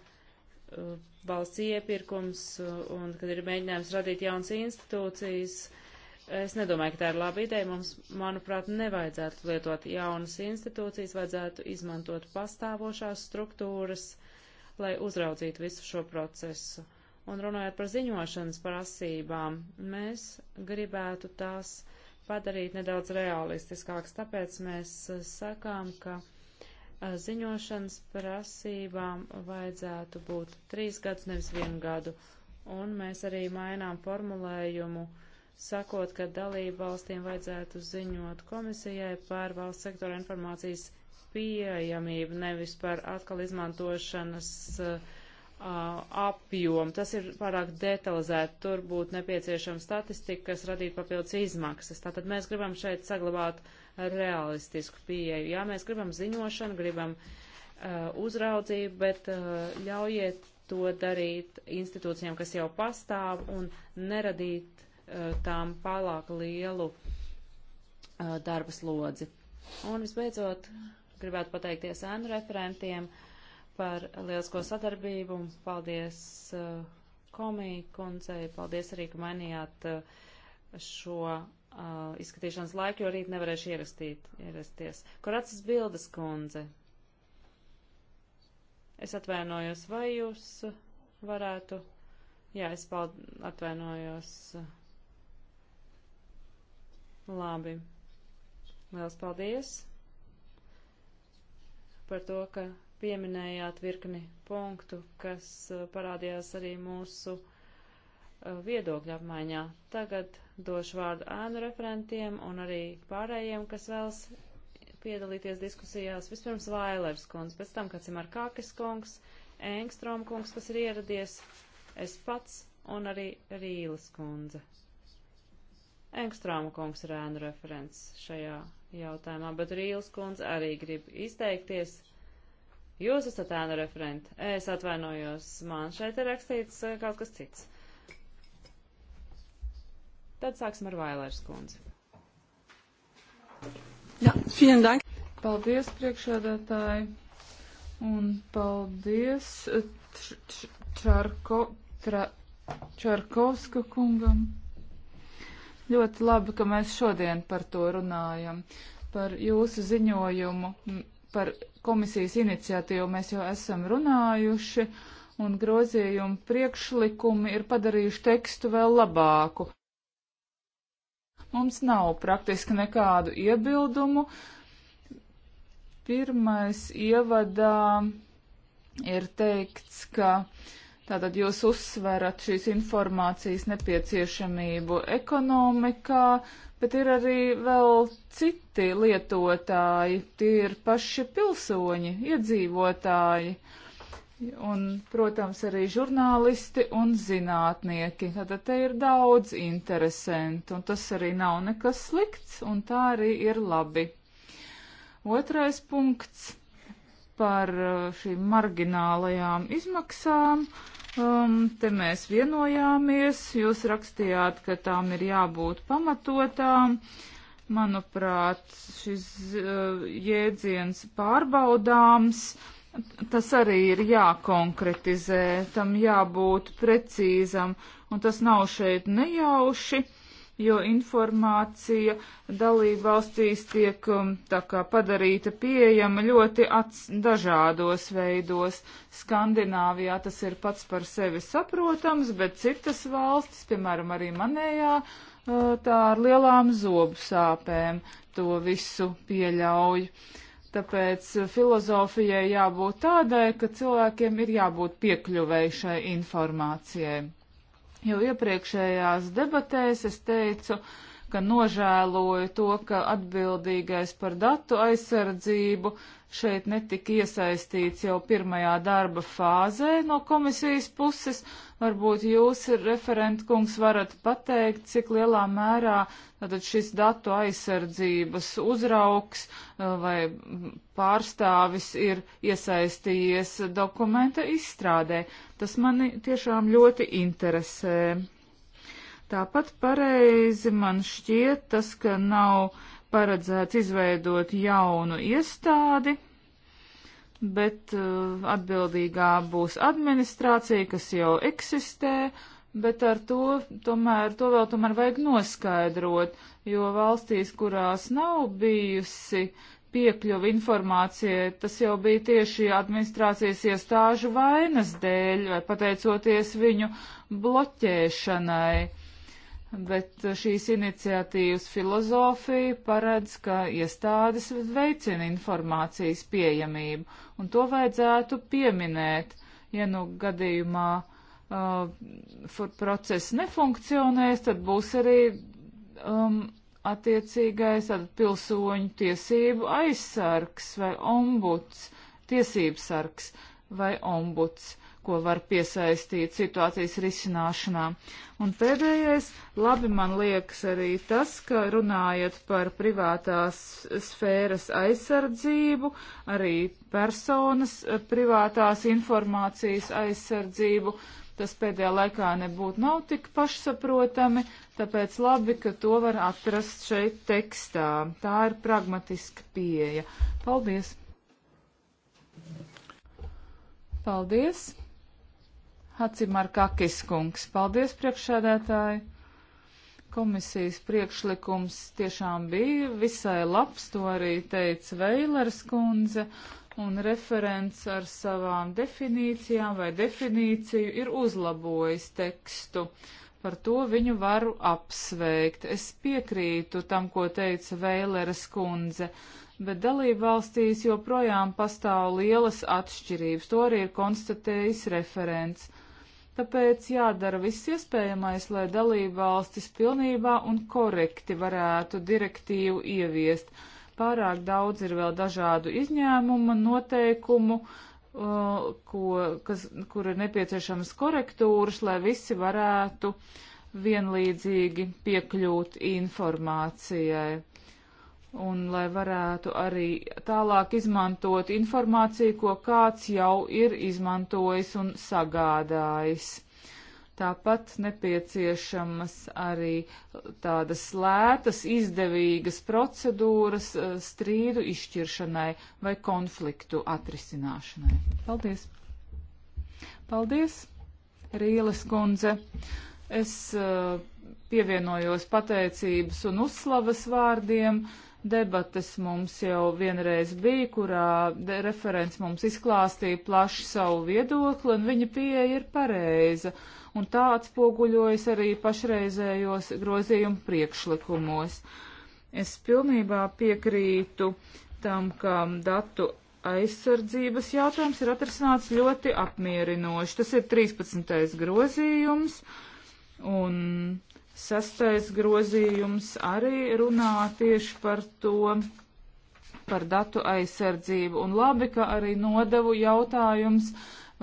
[SPEAKER 2] uh valsts iepirkums uh, un kad ir mēģinājums radīt jaunas institūcijas, es nedomāju, ka tā ir laba ideja. Mums, manuprāt, nevajadzētu lietot jaunas institūcijas, vajadzētu izmantot pastāvošās struktūras, lai uzraudzītu visu šo procesu. Un runājot par ziņošanas prasībām, mēs gribētu tās padarīt nedaudz realistiskākas, tāpēc mēs uh, sakām, ka ziņošanas prasībām vajadzētu būt trīs gadus, nevis vienu gadu. Un mēs arī mainām formulējumu, sakot, ka dalību valstīm vajadzētu ziņot komisijai par valsts sektora informācijas pieejamību, nevis par atkal izmantošanas uh, apjomu. Tas ir pārāk detalizēti. Tur būtu nepieciešama statistika, kas radītu papildus izmaksas. Tātad mēs gribam šeit saglabāt realistisku pieeju. Jā, mēs gribam ziņošanu, gribam uh, uzraudzību, bet uh, ļaujiet to darīt institūcijām, kas jau pastāv, un neradīt uh, tām pārāk lielu darba slodzi. Un visbeidzot, gribētu pateikties ēnu referentiem. Uh, par lielisko sadarbību. Paldies uh, komiju kundzei, paldies arī, ka mainījāt uh, šo uh, izskatīšanas laiku, jo rīt nevarēšu ierastīt, ierasties. Koracas bildes kundze. Es atvainojos, vai jūs varētu. Jā, es pald... atvainojos. Labi. Liels paldies par to, ka pieminējāt virkni punktu, kas uh, parādījās arī mūsu uh, viedokļa apmaiņā. Tagad došu vārdu ēnu referentiem un arī pārējiem, kas vēlas piedalīties diskusijās. Vispirms Vailers kungs, pēc tam Kacimar Kākis kungs, Engstrom kungs, kas ir ieradies, es pats un arī Rīles kundze. Engstrāma kungs ir ēnu referents šajā jautājumā, bet Rīles kundze arī grib izteikties. Jūs esat ēna referente. Es atvainojos, man šeit ir rakstīts eh, kaut kas cits. Tad sāksim ar Vailērs kundzi.
[SPEAKER 3] Jā, vielen dank. Paldies, priekšādātāji. Un paldies eh, Čarko, tra, Čarkovska kungam. Ļoti labi, ka mēs šodien par to runājam, par jūsu ziņojumu, par komisijas iniciatīvu mēs jau esam runājuši, un grozījumu priekšlikumi ir padarījuši tekstu vēl labāku. Mums nav praktiski nekādu iebildumu. Pirmais ievadā ir teikts, ka tātad jūs uzsverat šīs informācijas nepieciešamību ekonomikā, bet ir arī vēl citi lietotāji, tie ir paši pilsoņi, iedzīvotāji. Un, protams, arī žurnālisti un zinātnieki. Tātad te ir daudz interesantu, un tas arī nav nekas slikts, un tā arī ir labi. Otrais punkts par uh, šīm marginālajām izmaksām. Uh, Um, te mēs vienojāmies, jūs rakstījāt, ka tām ir jābūt pamatotām. Manuprāt, šis uh, jēdziens pārbaudāms, tas arī ir jākonkretizē, tam jābūt precīzam, un tas nav šeit nejauši jo informācija dalību valstīs tiek um, tā kā padarīta pieejama ļoti ats, dažādos veidos. Skandināvijā tas ir pats par sevi saprotams, bet citas valstis, piemēram, arī manējā, uh, tā ar lielām zobu sāpēm to visu pieļauj. Tāpēc uh, filozofijai jābūt tādai, ka cilvēkiem ir jābūt piekļuvējušai informācijai jau iepriekšējās debatēs es teicu, ka nožēloju to, ka atbildīgais par datu aizsardzību šeit netika iesaistīts jau pirmajā darba fāzē no komisijas puses. Varbūt jūs, referentkungs, varat pateikt, cik lielā mērā tātad šis datu aizsardzības uzrauks uh, vai pārstāvis ir iesaistījies dokumenta izstrādē. Tas mani tiešām ļoti interesē. Tāpat pareizi man šķiet tas, ka nav paredzēts izveidot jaunu iestādi, bet uh, atbildīgā būs administrācija, kas jau eksistē, bet ar to tomēr, to vēl tomēr vajag noskaidrot, jo valstīs, kurās nav bijusi piekļuva informācijai, tas jau bija tieši administrācijas iestāžu vainas dēļ vai pateicoties viņu bloķēšanai bet šīs iniciatīvas filozofija paredz, ka iestādes veicina informācijas pieejamību, un to vajadzētu pieminēt, ja nu gadījumā uh, process nefunkcionēs, tad būs arī um, attiecīgais tad pilsoņu tiesību aizsargs vai ombuds, tiesības sargs vai ombuds ko var piesaistīt situācijas risināšanā. Un pēdējais, labi man liekas arī tas, ka runājot par privātās sfēras aizsardzību, arī personas eh, privātās informācijas aizsardzību, tas pēdējā laikā nebūtu nav tik pašsaprotami, tāpēc labi, ka to var atrast šeit tekstā. Tā ir pragmatiska pieeja. Paldies! Paldies! Hacimarkakis kungs. Paldies, priekšsēdētāji! Komisijas priekšlikums tiešām bija visai labs, to arī teica Veilers kundze, un referents ar savām definīcijām vai definīciju ir uzlabojis tekstu. Par to viņu varu apsveikt. Es piekrītu tam, ko teica Veileres kundze, bet dalībvalstīs joprojām pastāv lielas atšķirības. To arī ir konstatējis referents. Tāpēc jādara viss iespējamais, lai dalībvalstis pilnībā un korekti varētu direktīvu ieviest. Pārāk daudz ir vēl dažādu izņēmumu, noteikumu, uh, ko, kas, kur ir nepieciešamas korektūras, lai visi varētu vienlīdzīgi piekļūt informācijai un lai varētu arī tālāk izmantot informāciju, ko kāds jau ir izmantojis un sagādājis. Tāpat nepieciešamas arī tādas lētas, izdevīgas procedūras eh, strīdu izšķiršanai vai konfliktu atrisināšanai. Paldies! Paldies, Rīles kundze! Es eh, pievienojos pateicības un uzslavas vārdiem. Uh, debates mums jau vienreiz bija, kurā referents mums izklāstīja plaši savu viedokli, un viņa pieeja ir pareiza, un tā atspoguļojas arī pašreizējos grozījumu priekšlikumos. Es pilnībā piekrītu tam, ka datu aizsardzības jautājums ir atrasināts ļoti apmierinoši. Tas ir 13. grozījums, un Sastais grozījums arī runā tieši par to, par datu aizsardzību. Un labi, ka arī nodevu jautājums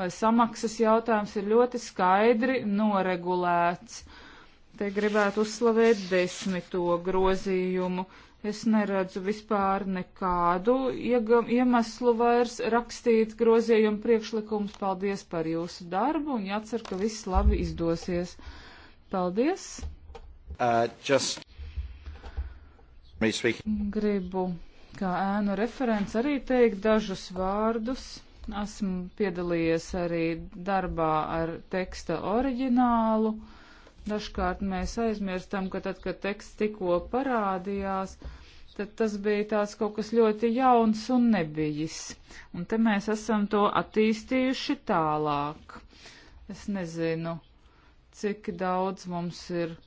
[SPEAKER 3] vai samaksas jautājums ir ļoti skaidri noregulēts. Te gribētu uzslavēt desmito grozījumu. Es neredzu vispār nekādu iemeslu vairs rakstīt grozījumu priekšlikumus. Paldies par jūsu darbu un jācer, ka viss labi izdosies. Paldies!
[SPEAKER 1] uh, just
[SPEAKER 3] Gribu kā ēnu referents arī teikt dažus vārdus. Esmu piedalījies arī darbā ar teksta oriģinālu. Dažkārt mēs aizmirstam, ka tad, kad teksts tikko parādījās, tad tas bija tāds kaut kas ļoti jauns un nebijis. Un te mēs esam to attīstījuši tālāk. Es nezinu, cik daudz mums ir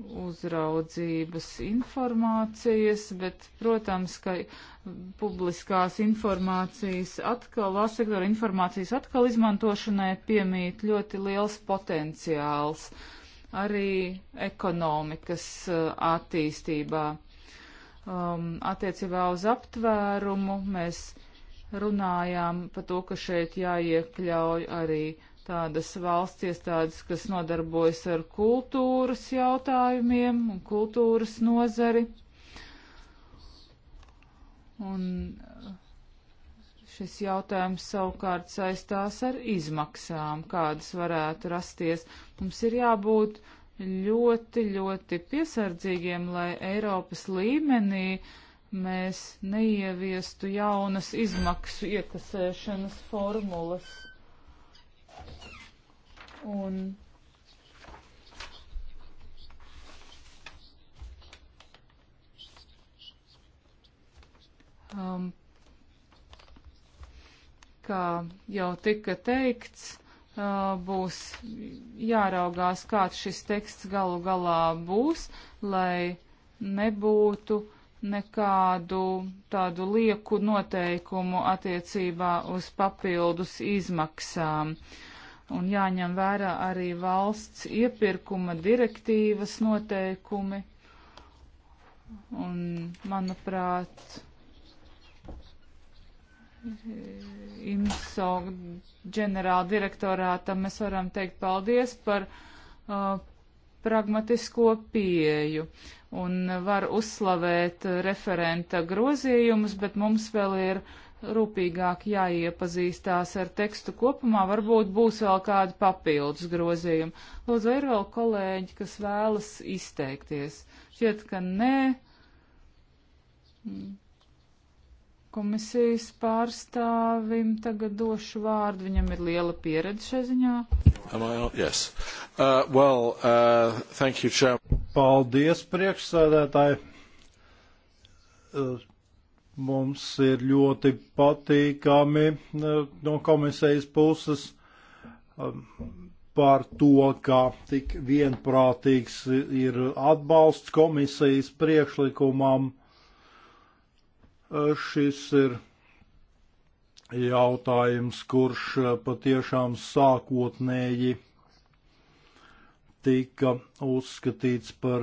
[SPEAKER 3] uzraudzības informācijas, bet, protams, ka publiskās informācijas atkal, valsts sektora informācijas atkal izmantošanai piemīt ļoti liels potenciāls arī ekonomikas uh, attīstībā. Um, attiecībā uz aptvērumu mēs runājām par to, ka šeit jāiekļauj arī tādas valsts iestādes, kas nodarbojas ar kultūras jautājumiem un kultūras nozari. Un šis jautājums savukārt saistās ar izmaksām, kādas varētu rasties. Mums ir jābūt ļoti, ļoti piesardzīgiem, lai Eiropas līmenī mēs neieviestu jaunas izmaksu iekasēšanas formulas. Un um, kā jau tika teikts, uh, būs jāraugās, kāds šis teksts galu galā būs, lai nebūtu nekādu tādu lieku noteikumu attiecībā uz papildus izmaksām. Uh, un jāņem vērā arī valsts iepirkuma direktīvas noteikumi. Un, manuprāt, IMSO ģenerāla direktorātam mēs varam teikt paldies par uh, pragmatisko pieju un var uzslavēt referenta grozījumus, bet mums vēl ir uh, rūpīgāk jāiepazīstās ar tekstu kopumā, varbūt būs vēl kādi papildus grozījumi. Lūdzu, ir vēl kolēģi, kas vēlas izteikties. Šķiet, ka nē. Mm. Komisijas pārstāvim tagad došu vārdu, viņam ir liela pieredze šai ziņā.
[SPEAKER 1] Yes. Uh, well, uh, you, Paldies, priekšsēdētāji. Uh, Mums ir ļoti patīkami eh, no komisijas puses um, par to, ka tik vienprātīgs ir atbalsts komisijas priekšlikumam. Eh, šis ir jautājums, kurš eh, patiešām sākotnēji tika uzskatīts par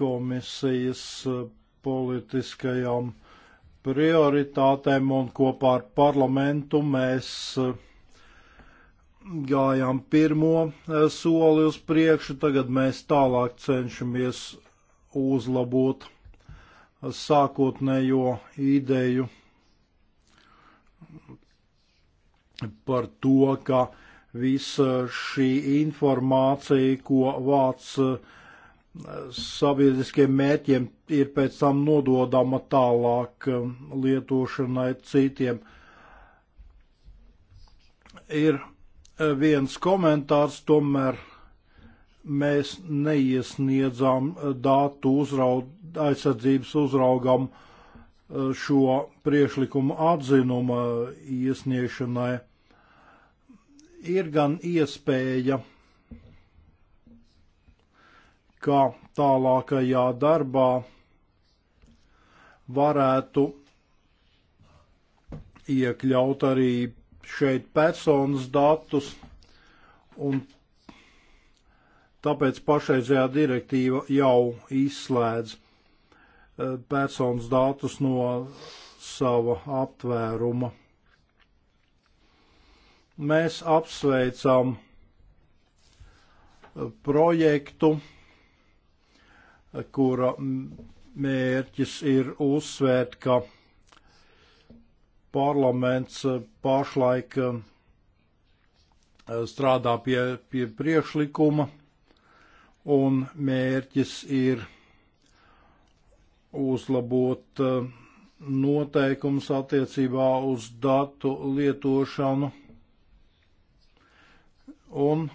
[SPEAKER 1] komisijas eh, politiskajām prioritātēm un kopā ar parlamentu mēs eh, gājām pirmo eh, soli uz priekšu, tagad mēs tālāk cenšamies uzlabot sākotnējo ideju par to, ka visa šī informācija, ko vāc uh, sabiedriskiem mērķiem ir pēc tam nododama tālāk um, lietošanai citiem. Ir uh, viens komentārs, tomēr mēs neiesniedzām uh, datu uzraud, aizsardzības uzraugam uh, šo priešlikumu atzinuma iesniešanai. Ir gan iespēja ka tālākajā darbā varētu iekļaut arī šeit personas datus, un tāpēc pašreizējā direktīva jau izslēdz eh, personas datus no sava aptvēruma. Mēs apsveicam eh, projektu kura mērķis ir uzsvērt, ka parlaments pašlaik eh, strādā pie, pie priekšlikuma, un mērķis ir uzlabot eh, noteikums attiecībā uz datu lietošanu un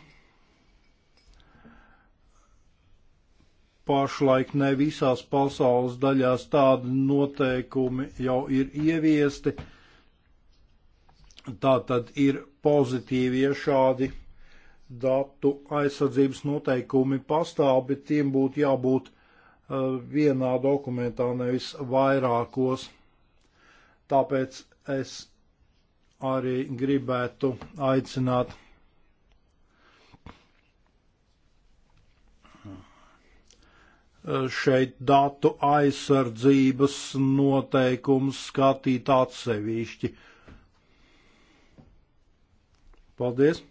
[SPEAKER 1] pašlaik ne visās pasaules daļās tādi noteikumi jau ir ieviesti. Tā tad ir pozitīvi, ja šādi datu aizsardzības noteikumi pastāv, bet tiem būtu jābūt uh, vienā dokumentā, nevis vairākos. Tāpēc es arī gribētu aicināt šeit datu aizsardzības noteikumus skatīt atsevišķi. Paldies!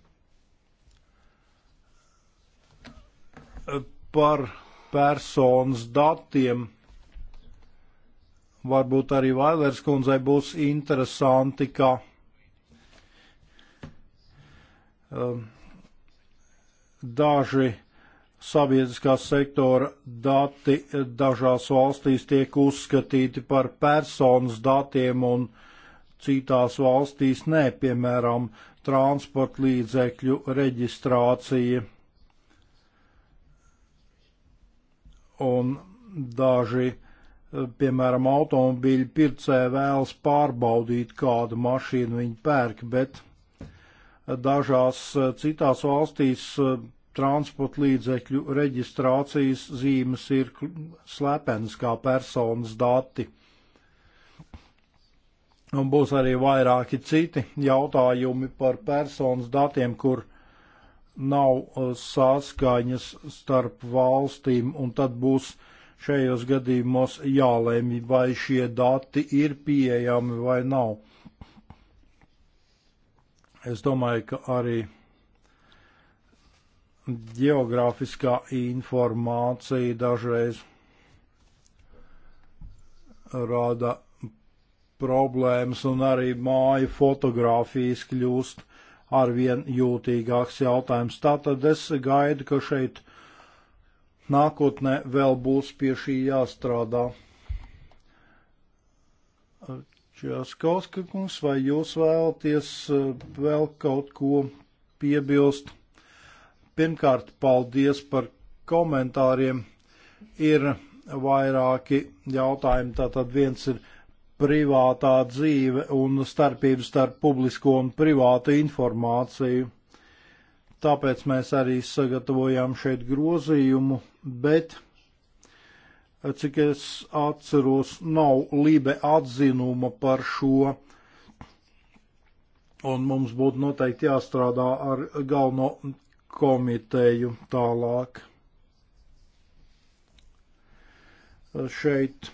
[SPEAKER 1] Par personas datiem varbūt arī Vailers kundzei būs interesanti, ka um, daži uh, sabiedriskā sektora dati dažās valstīs tiek uzskatīti par personas datiem un citās valstīs nē, piemēram, transporta līdzekļu reģistrācija. Un daži, piemēram, automobīļu pircē vēlas pārbaudīt, kādu mašīnu viņi pērk, bet dažās citās valstīs transporta līdzekļu reģistrācijas zīmes ir slepenas kā personas dati. Un būs arī vairāki citi jautājumi par personas datiem, kur nav uh, saskaņas starp valstīm, un tad būs šajos gadījumos jālēmj, vai šie dati ir pieejami vai nav. Es domāju, ka arī geogrāfiskā informācija dažreiz rada problēmas, un arī māju fotografijas kļūst arvien jūtīgāks jautājums. Tātad es gaidu, ka šeit nākotnē vēl būs pie šī jāstrādā. Časkauska kungs, vai jūs vēlaties eh, vēl kaut ko piebilst? Pirmkārt, paldies par komentāriem. Ir vairāki jautājumi. Tātad viens ir privātā dzīve un starpības starp publisko un privātu informāciju. Tāpēc mēs arī sagatavojām šeit grozījumu, bet, cik es atceros, nav lībe atzinuma par šo un mums būtu noteikti jāstrādā ar galveno komiteju tālāk. Šeit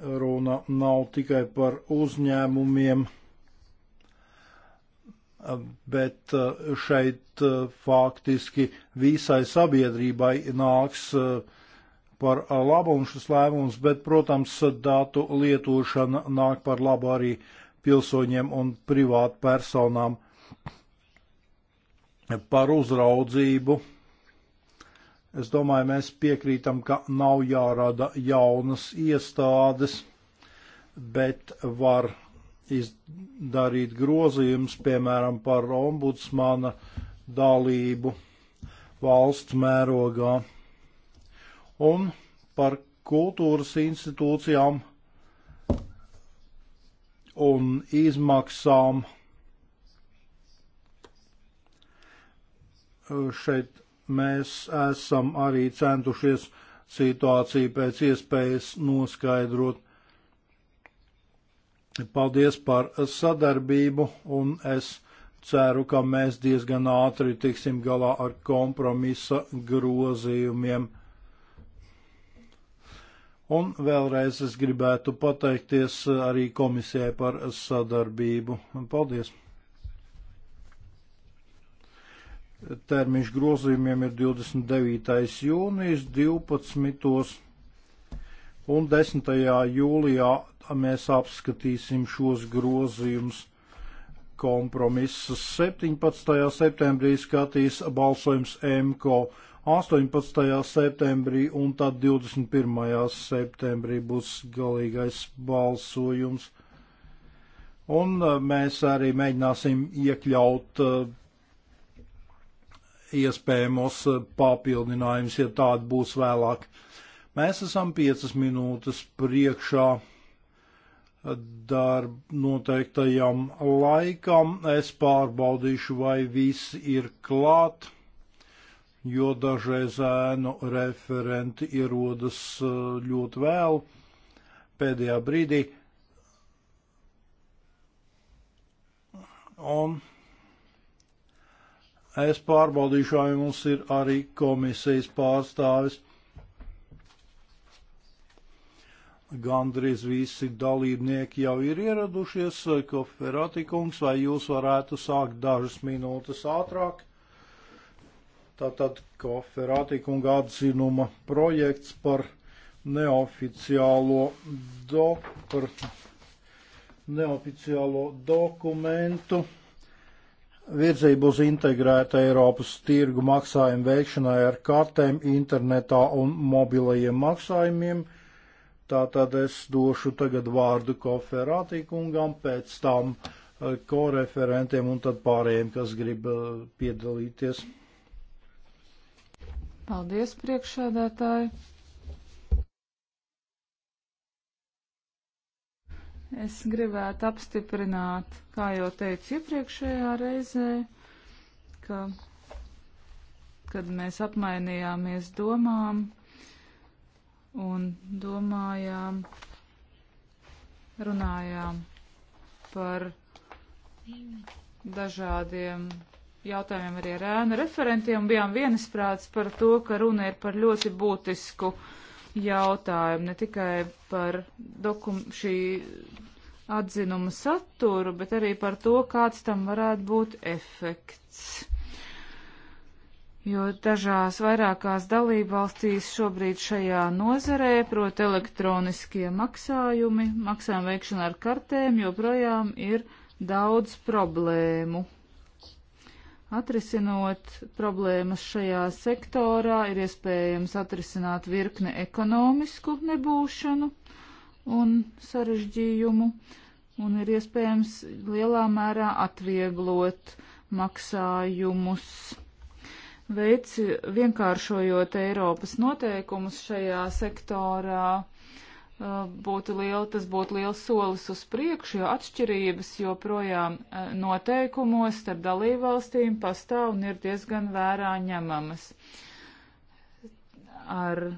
[SPEAKER 1] runa nav tikai par uzņēmumiem, bet eh, šeit eh, faktiski visai sabiedrībai nāks eh, par labu un šis lēmums, bet, protams, datu lietošana nāk par labu arī pilsoņiem un privātpersonām par uzraudzību. Es domāju, mēs piekrītam, ka nav jārada jaunas iestādes, bet var izdarīt grozījums, piemēram, par ombudsmana dalību valsts mērogā. Un par kultūras institūcijām un izmaksām šeit mēs esam arī centušies situāciju pēc iespējas noskaidrot. Paldies par sadarbību, un es ceru, ka mēs diezgan ātri tiksim galā ar kompromisa grozījumiem. Un vēlreiz es gribētu pateikties arī komisijai par sadarbību. Paldies! termiņš grozījumiem ir 29. jūnijas 12. un 10. jūlijā mēs apskatīsim šos grozījumus kompromisus. 17. septembrī skatīs balsojums MKO, 18. septembrī un tad 21. septembrī būs galīgais balsojums. Un uh, mēs arī mēģināsim iekļaut uh, iespējamos eh, papildinājumus, ja tāda būs vēlāk. Mēs esam piecas minūtes priekšā eh, darba noteiktajam laikam. Es pārbaudīšu, vai visi ir klāt, jo dažreiz ēnu referenti ierodas eh, ļoti vēlu pēdējā brīdī. Un Es pārbaudīšu, vai mums ir arī komisijas pārstāvis. Gandrīz visi dalībnieki jau ir ieradušies. Koferāti kungs, vai jūs varētu sākt dažas minūtes ātrāk? Tātad Koferāti kunga atzinuma projekts par neoficiālo, do, par neoficiālo dokumentu virzību uz integrētu Eiropas tirgu maksājumu veikšanai ar kartēm internetā un mobilajiem maksājumiem. Tātad es došu tagad vārdu koferātī kungam, pēc tam eh, koreferentiem un tad pārējiem, kas grib eh, piedalīties.
[SPEAKER 3] Paldies, priekšsēdētāji! es gribētu apstiprināt, kā jau teicu iepriekšējā reizē, ka, kad mēs apmainījāmies domām un domājām, runājām par dažādiem jautājumiem arī ar ēnu referentiem, bijām vienisprāts par to, ka runa ir par ļoti būtisku uh, jautājumu, ne tikai par dokum šī atzinuma saturu, bet arī par to, kāds tam varētu būt efekts. Jo dažās vairākās dalībvalstīs šobrīd šajā nozarē, proti elektroniskie maksājumi, maksājuma veikšana ar kartēm, joprojām ir daudz problēmu. Atrisinot problēmas šajā sektorā, ir iespējams atrisināt virkne ekonomisku nebūšanu un sarežģījumu, un ir iespējams lielā mērā atvieglot maksājumus. Veici vienkāršojot Eiropas noteikumus šajā sektorā, Eh, būtu liela, tas būtu liels solis uz priekšu, jo atšķirības joprojām eh, noteikumos starp dalībvalstīm pastāv un ir diezgan vērā ņemamas. Ar eh,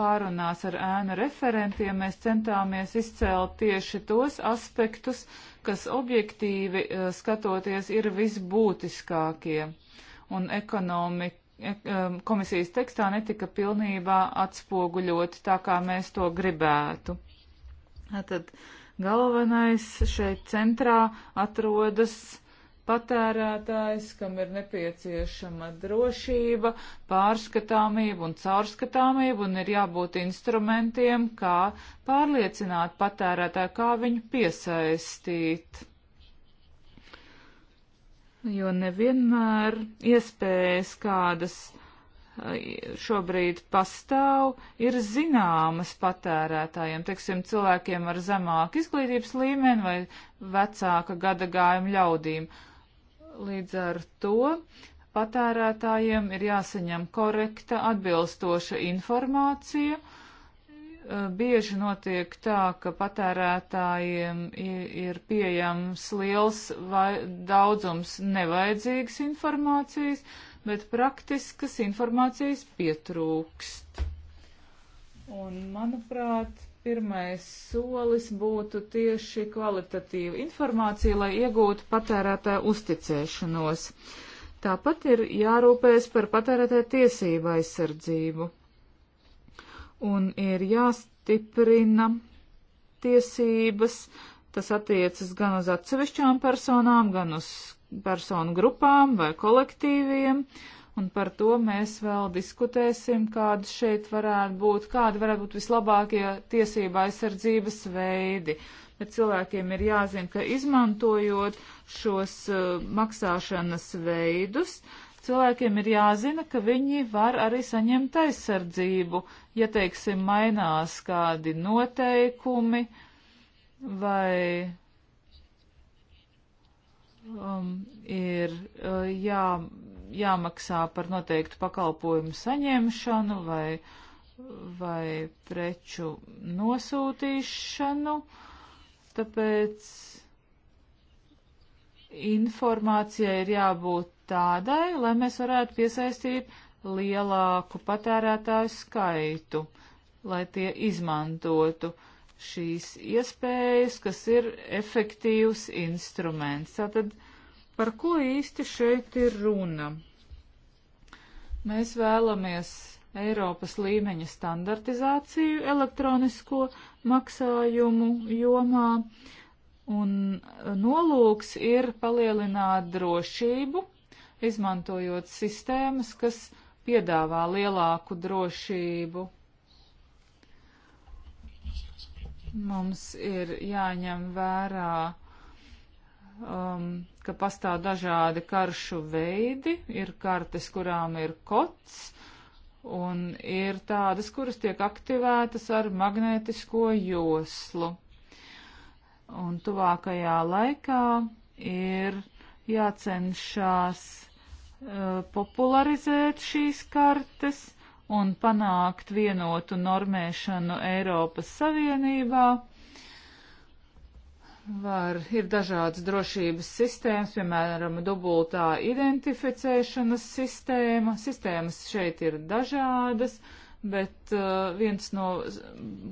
[SPEAKER 3] pārunās ar ēnu referentiem mēs centāmies izcelt tieši tos aspektus, kas objektīvi skatoties ir visbūtiskākie. Un ekonomika Um, komisijas tekstā netika pilnībā atspoguļoti tā, kā mēs to gribētu. Tad galvenais šeit centrā atrodas patērētājs, kam ir nepieciešama drošība, pārskatāmība un caurskatāmība, un ir jābūt instrumentiem, kā pārliecināt patērētāju, kā viņu piesaistīt jo nevienmēr iespējas, kādas eh, šobrīd pastāv, ir zināmas patērētājiem, teiksim, cilvēkiem ar zemāku izglītības līmeni vai vecāka gada gājuma ļaudīm. Līdz ar to patērētājiem ir jāsaņem korekta, atbilstoša informācija Eh, bieži notiek tā, ka patērētājiem ir pieejams liels vai daudzums nevajadzīgas informācijas, bet praktiskas informācijas pietrūkst. Un, manuprāt, pirmais solis būtu tieši kvalitatīva informācija, lai iegūtu patērētāju uzticēšanos. Tāpat ir jārūpējas par patērētāju tiesību aizsardzību un ir jāstiprina tiesības. Tas attiecas gan uz atsevišķām personām, gan uz personu grupām vai kolektīviem. Un par to mēs vēl diskutēsim, kāda šeit varētu būt, kādi varētu būt vislabākie tiesība aizsardzības veidi. Bet cilvēkiem ir jāzina, ka izmantojot šos uh, maksāšanas veidus, uh, Cilvēkiem ir jāzina, ka viņi var arī saņemt aizsardzību, ja, teiksim, mainās kādi noteikumi vai um, ir uh, jā, jāmaksā par noteiktu pakalpojumu saņemšanu vai, vai preču nosūtīšanu. Tāpēc informācijai ir jābūt tādai, lai mēs varētu piesaistīt lielāku patērētāju skaitu, lai tie izmantotu šīs iespējas, kas ir efektīvs instruments. Tātad, par ko īsti šeit ir runa? Mēs vēlamies Eiropas līmeņa standartizāciju elektronisko maksājumu jomā, un nolūks ir palielināt drošību izmantojot sistēmas, kas piedāvā lielāku drošību. Mums ir jāņem vērā, um, ka pastāv dažādi karšu veidi, ir kartes, kurām ir kots, un ir tādas, kuras tiek aktivētas ar magnētisko joslu. Un tuvākajā laikā ir jācenšās Eh, popularizēt šīs kartes un panākt vienotu normēšanu Eiropas Savienībā. Var, ir dažādas drošības sistēmas, piemēram, dubultā identificēšanas sistēma. Sistēmas šeit ir dažādas, bet uh, viens no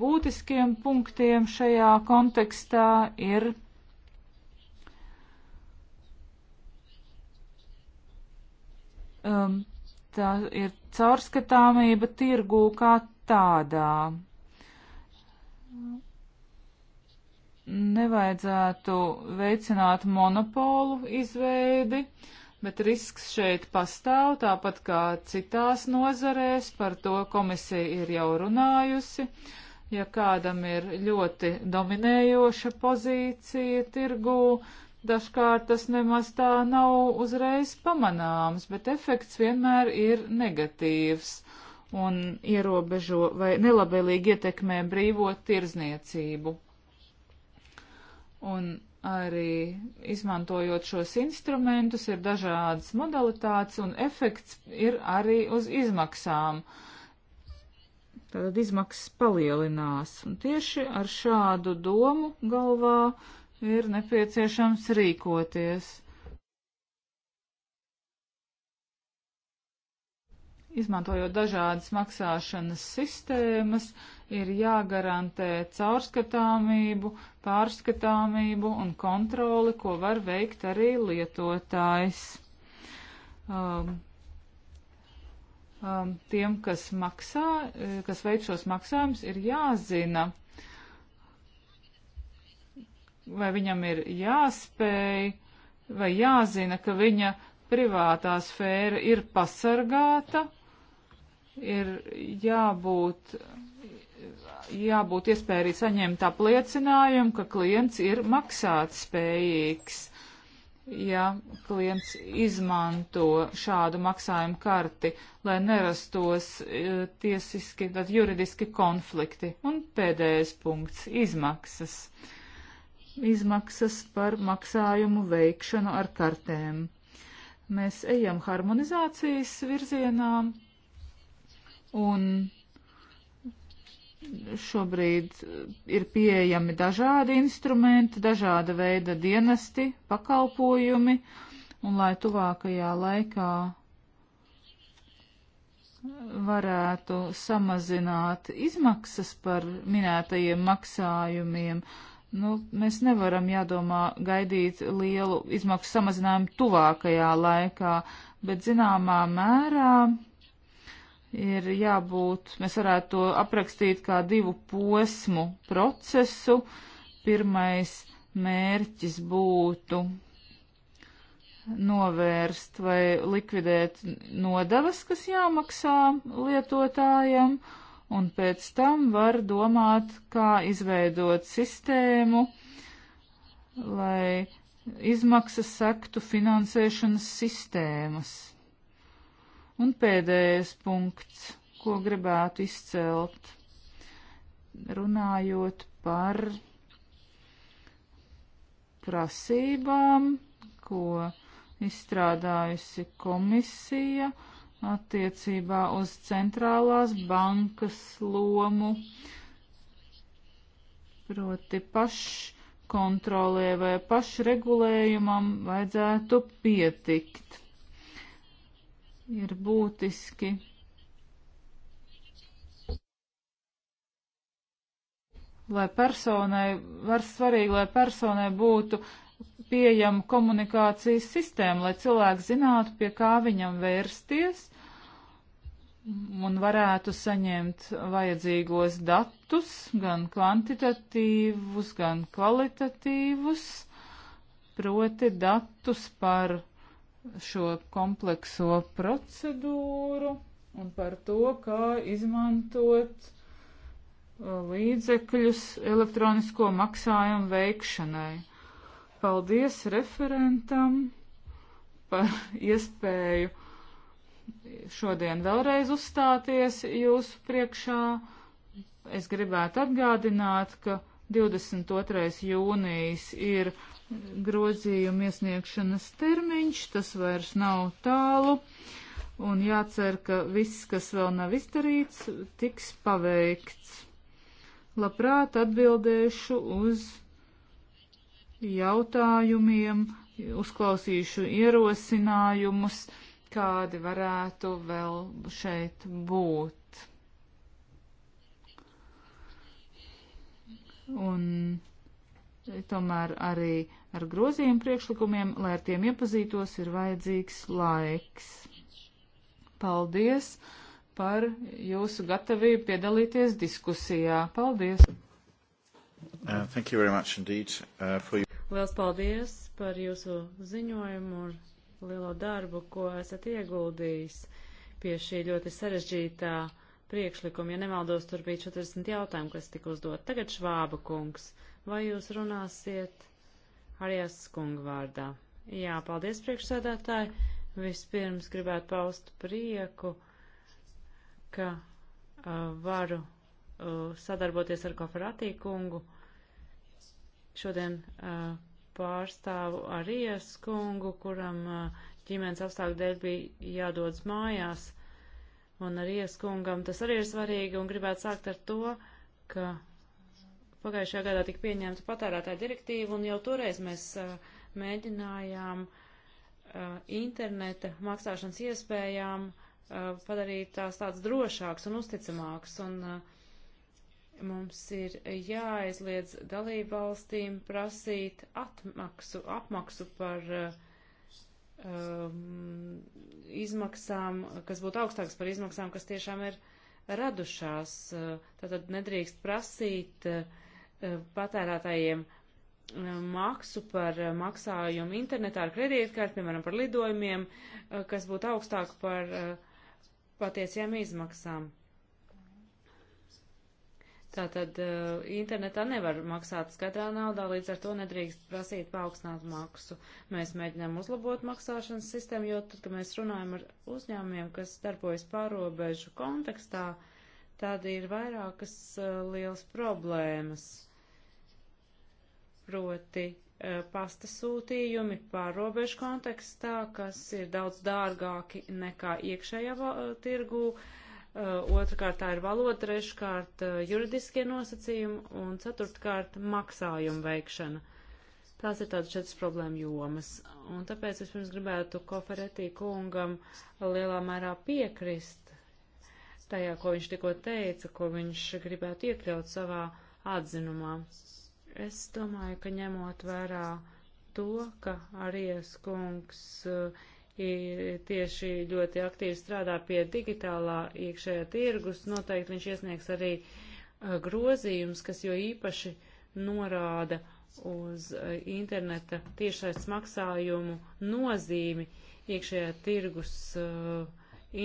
[SPEAKER 3] būtiskiem punktiem šajā kontekstā ir um, tā ir caurskatāmība tirgū kā tādā. Nevajadzētu veicināt monopolu izveidi, bet risks šeit pastāv, tāpat kā citās nozarēs, par to komisija ir jau runājusi. Ja kādam ir ļoti dominējoša pozīcija tirgū, Dažkārt tas nemaz tā nav uzreiz pamanāms, bet efekts vienmēr ir negatīvs un ierobežo vai nelabēlīgi ietekmē brīvo tirzniecību. Un arī izmantojot šos instrumentus, ir dažādas modalitātes un efekts ir arī uz izmaksām. Tātad izmaksas palielinās. Un tieši ar šādu domu galvā ir nepieciešams rīkoties. Izmantojot dažādas maksāšanas sistēmas, ir jāgarantē caurskatāmību, pārskatāmību un kontroli, ko var veikt arī lietotājs. Um, um, tiem, kas maksā, eh, kas veic šos maksājumus, ir jāzina, uh, vai viņam ir jāspēj vai jāzina, ka viņa privātā sfēra ir pasargāta, ir jābūt, jābūt iespēja arī saņemt apliecinājumu, ka klients ir maksāt spējīgs. Ja klients izmanto šādu maksājumu karti, lai nerastos e, tiesiski, tad juridiski konflikti. Un pēdējais punkts - izmaksas. Uh, izmaksas par maksājumu veikšanu ar kartēm. Mēs ejam harmonizācijas virzienā un šobrīd ir pieejami dažādi instrumenti, dažāda veida dienesti, pakalpojumi, un lai tuvākajā laikā varētu samazināt izmaksas par minētajiem maksājumiem, uh, Nu, mēs nevaram, jādomā, gaidīt lielu izmaksu samazinājumu tuvākajā laikā, bet zināmā mērā ir jābūt, mēs varētu to aprakstīt kā divu posmu procesu. Pirmais mērķis būtu novērst vai likvidēt nodevas, kas jāmaksā lietotājiem, un pēc tam var domāt, kā izveidot sistēmu, lai izmaksas sektu finansēšanas sistēmas. Un pēdējais punkts, ko gribētu izcelt, runājot par prasībām, ko izstrādājusi komisija attiecībā uz centrālās bankas lomu, proti paškontrolē vai pašregulējumam vajadzētu pietikt. Ir būtiski. Lai personai, var svarīgi, lai personai būtu pieejamu komunikācijas sistēmu, lai cilvēks zinātu, pie kā viņam vērsties un varētu saņemt vajadzīgos datus, gan kvantitatīvus, gan kvalitatīvus, proti datus par šo komplekso procedūru un par to, kā izmantot uh, līdzekļus elektronisko maksājumu veikšanai. Paldies referentam par iespēju šodien vēlreiz uzstāties jūsu priekšā. Es gribētu atgādināt, ka 22. jūnijas ir grozījuma iesniegšanas termiņš, tas vairs nav tālu, un jācer, ka viss, kas vēl nav izdarīts, tiks paveikts. Labprāt atbildēšu uz jautājumiem, uzklausīšu ierosinājumus, kādi varētu vēl šeit būt. Un tomēr arī ar grozījumu priekšlikumiem, lai ar tiem iepazītos, ir vajadzīgs laiks. Paldies par jūsu gatavību piedalīties diskusijā. Paldies!
[SPEAKER 1] Uh, thank you very much indeed uh, for your
[SPEAKER 2] Liels paldies par jūsu ziņojumu un lielo darbu, ko esat ieguldījis pie šī ļoti sarežģītā priekšlikuma. Ja nemaldos, tur bija 40 jautājumu, kas tika uzdot. Tagad Švāba kungs, vai jūs runāsiet arī Askunga vārdā? Jā, paldies priekšsēdētāji. Vispirms gribētu paust prieku, ka uh, varu uh, sadarboties ar Koferatī kungu. Uh, Šodien uh, pārstāvu Arijas kungu, kuram uh, ģimenes apstākļu dēļ bija jādodas mājās. Un Arijas kungam tas arī ir svarīgi un gribētu sākt ar to, ka pagājušajā gadā tika pieņemta patērētāja direktīva un jau toreiz mēs uh, mēģinājām uh, interneta maksāšanas iespējām uh, padarīt tās tāds drošāks un uzticamāks. Un, uh, Mums ir jāaizliedz dalību valstīm prasīt atmaksu, apmaksu par um, izmaksām, kas būtu augstākas par izmaksām, kas tiešām ir radušās. Tātad nedrīkst prasīt uh, patērētājiem uh, maksu par maksājumu internetā ar kredītkarti, piemēram, par lidojumiem, uh, kas būtu augstāk par uh, patiesajām izmaksām. Tātad uh, internetā nevar maksāt skatrā naudā, līdz ar to nedrīkst prasīt paaugstināt maksu. Mēs mēģinām uzlabot maksāšanas sistēmu, jo tad, kad mēs runājam ar uzņēmumiem, kas darbojas pārobežu kontekstā, tad ir vairākas uh, lielas problēmas. Proti, eh, pasta sūtījumi pārrobežu kontekstā, kas ir daudz dārgāki nekā iekšējā tirgū. Uh, Eh, otrkārt tā ir valoda, treškārt eh, juridiskie nosacījumi un ceturtkārt maksājuma veikšana. Tās ir tādas četras problēma jomas. Un tāpēc es pirms gribētu Koferetī kungam lielā mērā piekrist tajā, ko viņš tikko teica, ko viņš gribētu iekļaut savā atzinumā. Es domāju, ka ņemot vērā to, ka Arijas kungs uh, tieši ļoti aktīvi strādā pie digitālā iekšējā tirgus. Noteikti viņš iesniegs arī uh, grozījums, kas jo īpaši norāda uz uh, interneta tiešsaistes maksājumu nozīmi iekšējā tirgus uh,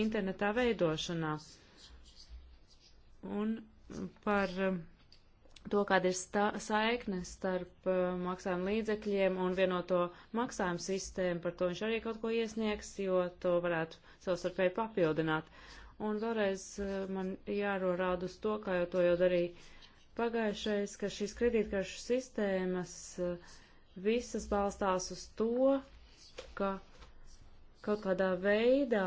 [SPEAKER 2] internetā veidošanā. Un par um, to, kāda ir stā, saikne starp uh, maksājumu līdzekļiem un vienoto maksājumu sistēmu. Par to viņš arī kaut ko iesniegs, jo to varētu savstarpēji papildināt. Un vēlreiz uh, man jārorāda uz to, kā jau to jau darīja pagājušais, ka šīs kredītkaršu sistēmas uh, visas balstās uz to, ka kaut kādā veidā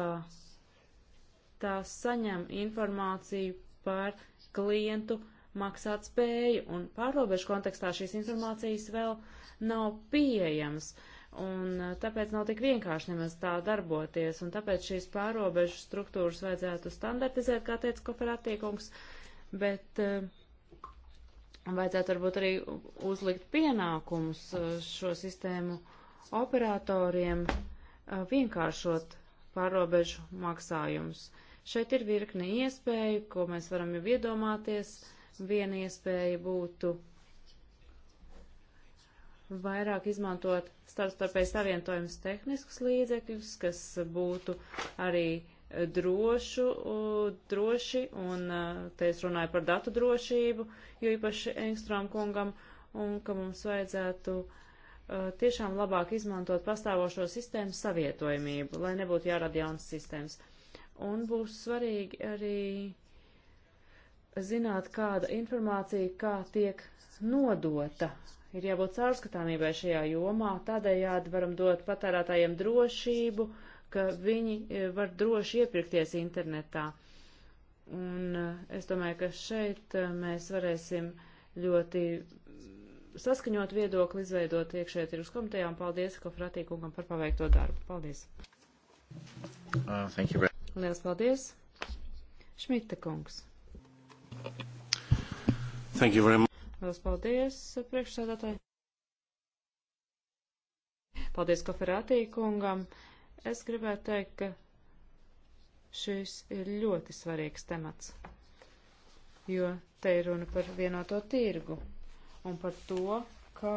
[SPEAKER 2] tās saņem informāciju par klientu uh, maksāt spēju, un pārrobežu kontekstā šīs informācijas vēl nav pieejamas, un uh, tāpēc nav tik vienkārši nemaz tā darboties, un tāpēc šīs pārrobežu struktūras vajadzētu standartizēt, kā teica kooperatīkums, bet uh, vajadzētu varbūt arī uzlikt pienākumus uh, šo sistēmu operatoriem uh, vienkāršot pārobežu maksājumus. Šeit ir virkne iespēju, ko mēs varam jau iedomāties. Uh, Viena iespēja būtu vairāk izmantot starptautēji savientojums tehniskus līdzekļus, kas būtu arī e, drošu, droši, un e, te es runāju par datu drošību, jo īpaši Engstrom kungam, un ka mums vajadzētu e, tiešām labāk izmantot pastāvošo sistēmu savietojamību, lai nebūtu jārada jaunas sistēmas. Un būs svarīgi arī zināt, kāda informācija kā tiek nodota. Ir jābūt caurskatāmībai šajā jomā, tādējādi varam dot patērētājiem drošību, ka viņi e, var droši iepirkties internetā. Un e, es domāju, ka šeit e, mēs varēsim ļoti saskaņot viedokli, izveidot iekšējā tirgus komitejā, un paldies Kofratī kungam par paveikto darbu. Paldies!
[SPEAKER 1] Uh,
[SPEAKER 2] Lielas paldies! Šmita kungs! Thank you very much. Lielas paldies, priekšsēdētāji. Paldies Koferātī kungam. Es gribētu teikt, ka šis ir ļoti svarīgs temats, jo te ir runa par vienoto tirgu un par to, kā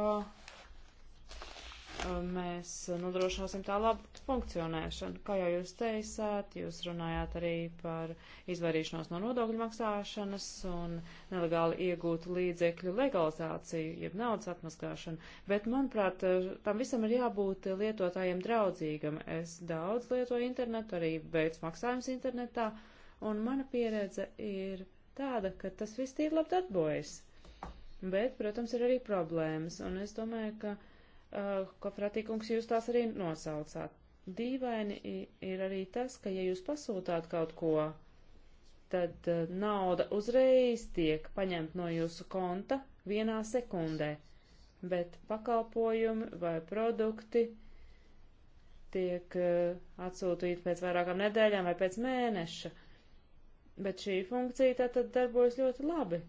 [SPEAKER 2] mēs nodrošināsim tā labu funkcionēšanu. Kā jau jūs teicāt, jūs runājāt arī par izvairīšanos no nodokļu maksāšanas un nelegāli iegūtu līdzekļu legalizāciju, jeb naudas atmaskāšanu, bet, manuprāt, tam visam ir jābūt lietotājiem draudzīgam. Es daudz lietoju internetu, arī beidz maksājums internetā, un mana pieredze ir tāda, ka tas viss ir labi darbojas. Bet, protams, ir arī problēmas, un es domāju, ka uh, eh, Kofratīkungs, jūs tās arī nosaucāt. Dīvaini ir arī tas, ka ja jūs pasūtāt kaut ko, tad uh, nauda uzreiz tiek paņemta no jūsu konta vienā sekundē, bet pakalpojumi vai produkti tiek uh, atsūtīti pēc vairākām nedēļām vai pēc mēneša. Bet šī funkcija tātad darbojas ļoti labi.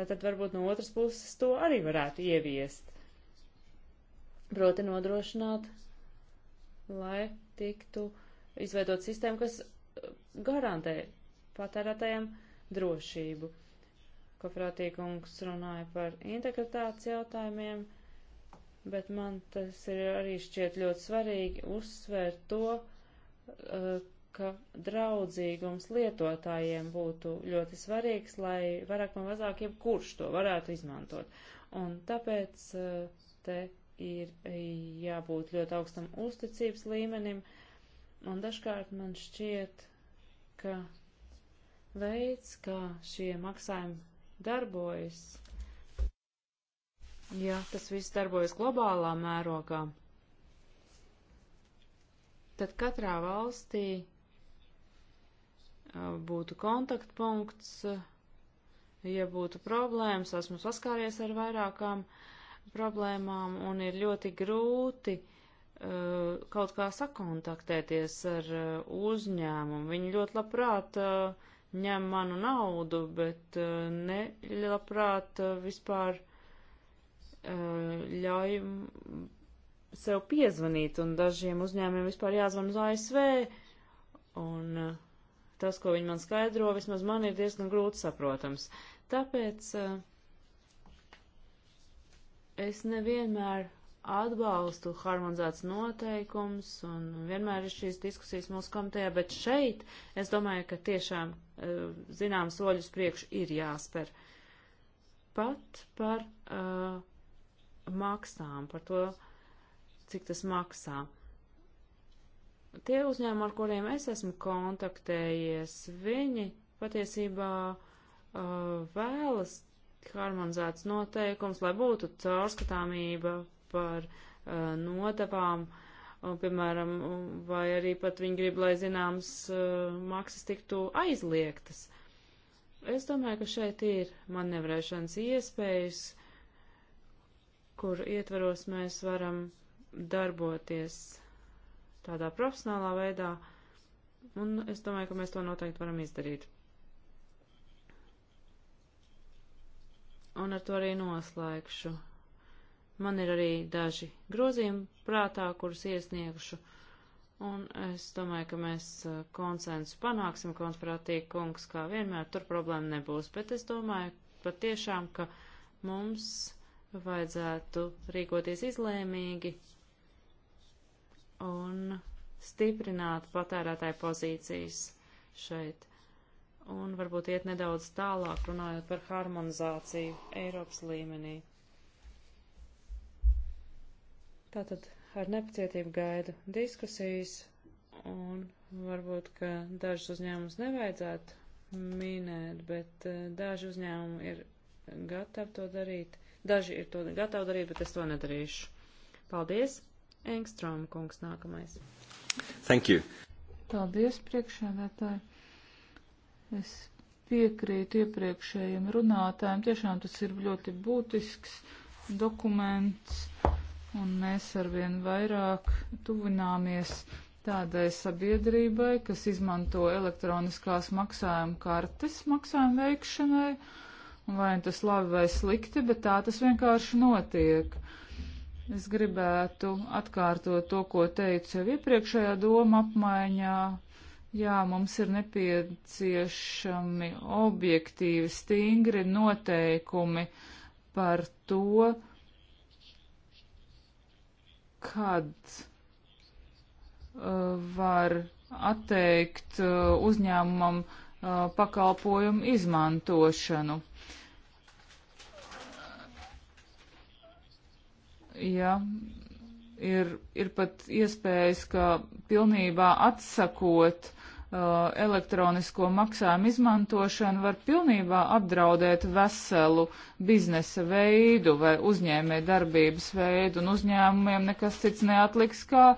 [SPEAKER 2] Tātad varbūt no otras puses to arī varētu ieviest proti nodrošināt, lai tiktu izveidot sistēmu, kas eh, garantē patērētājiem drošību. Kofrātīkungs runāja par integritātes jautājumiem, bet man tas ir arī šķiet ļoti svarīgi uzsvērt to, eh, ka draudzīgums lietotājiem būtu ļoti svarīgs, lai vairāk vai mazāk jebkurš to varētu izmantot. Un tāpēc eh, te ir eh, jābūt ļoti augstam uzticības līmenim, un dažkārt man šķiet, ka veids, kā šie maksājumi darbojas, ja tas viss darbojas globālā mērogā, tad katrā valstī eh, būtu kontaktpunkts, eh, ja būtu problēmas, esmu saskāries ar vairākām uh, problēmām un ir ļoti grūti uh, kaut kā sakontaktēties ar uh, uzņēmumu. Viņi ļoti labprāt uh, ņem manu naudu, bet ne labprāt vispār ļauj sev piezvanīt, un dažiem uzņēmumiem vispār jāzvan uz ASV, un tas, ko viņi man skaidro, vismaz man ir diezgan grūti saprotams. Tāpēc uh, Es nevienmēr atbalstu harmonizētas noteikums un vienmēr ir šīs diskusijas mūsu komitejā, bet šeit es domāju, ka tiešām eh, zinām soļus priekš ir jāsper. Pat par uh, maksām, par to, cik tas maksā. Tie uzņēmumi, ar kuriem es esmu kontaktējies, viņi patiesībā uh, vēlas harmonizēts noteikums, lai būtu caurskatāmība par uh, nodavām, un, piemēram, vai arī pat viņi grib, lai zināms uh, maksas tiktu aizliegtas. Es domāju, ka šeit ir manevrēšanas iespējas, kur ietveros mēs varam darboties tādā profesionālā veidā, un es domāju, ka mēs to noteikti varam izdarīt. un ar to arī noslēgšu. Man ir arī daži grozījumi prātā, kurus iesniegšu, un es domāju, ka mēs uh, konsensu panāksim, konspirātīgi kungs, kā vienmēr, tur problēma nebūs, bet es domāju patiešām, ka mums vajadzētu rīkoties izlēmīgi un stiprināt patērētāju pozīcijas šeit un varbūt iet nedaudz tālāk runājot par harmonizāciju Eiropas līmenī. Tātad ar nepacietību gaidu diskusijas un varbūt, ka dažus uzņēmumus nevajadzētu minēt, bet eh, daži uzņēmumi ir gatavi to darīt. Daži ir to gatavi darīt, bet es to nedarīšu. Paldies! Engstrom kungs nākamais.
[SPEAKER 1] Thank you.
[SPEAKER 3] Paldies priekšādātāji. Es piekrītu iepriekšējiem runātājiem. Tiešām tas ir ļoti būtisks dokuments, un mēs arvien vairāk tuvināmies tādai sabiedrībai, kas izmanto elektroniskās maksājuma kartes maksājuma veikšanai. Vai tas labi vai slikti, bet tā tas vienkārši notiek. Es gribētu atkārtot to, ko teicu jau iepriekšējā doma apmaiņā Jā, mums ir nepieciešami objektīvi, stingri noteikumi par to, kad uh, var atteikt uh, uzņēmumam uh, pakalpojumu izmantošanu. Ja ir, ir pat iespējas, ka pilnībā atsakot Uh, elektronisko maksājumu izmantošana var pilnībā apdraudēt veselu biznesa veidu vai uzņēmē darbības veidu, un uzņēmumiem nekas cits neatliks kā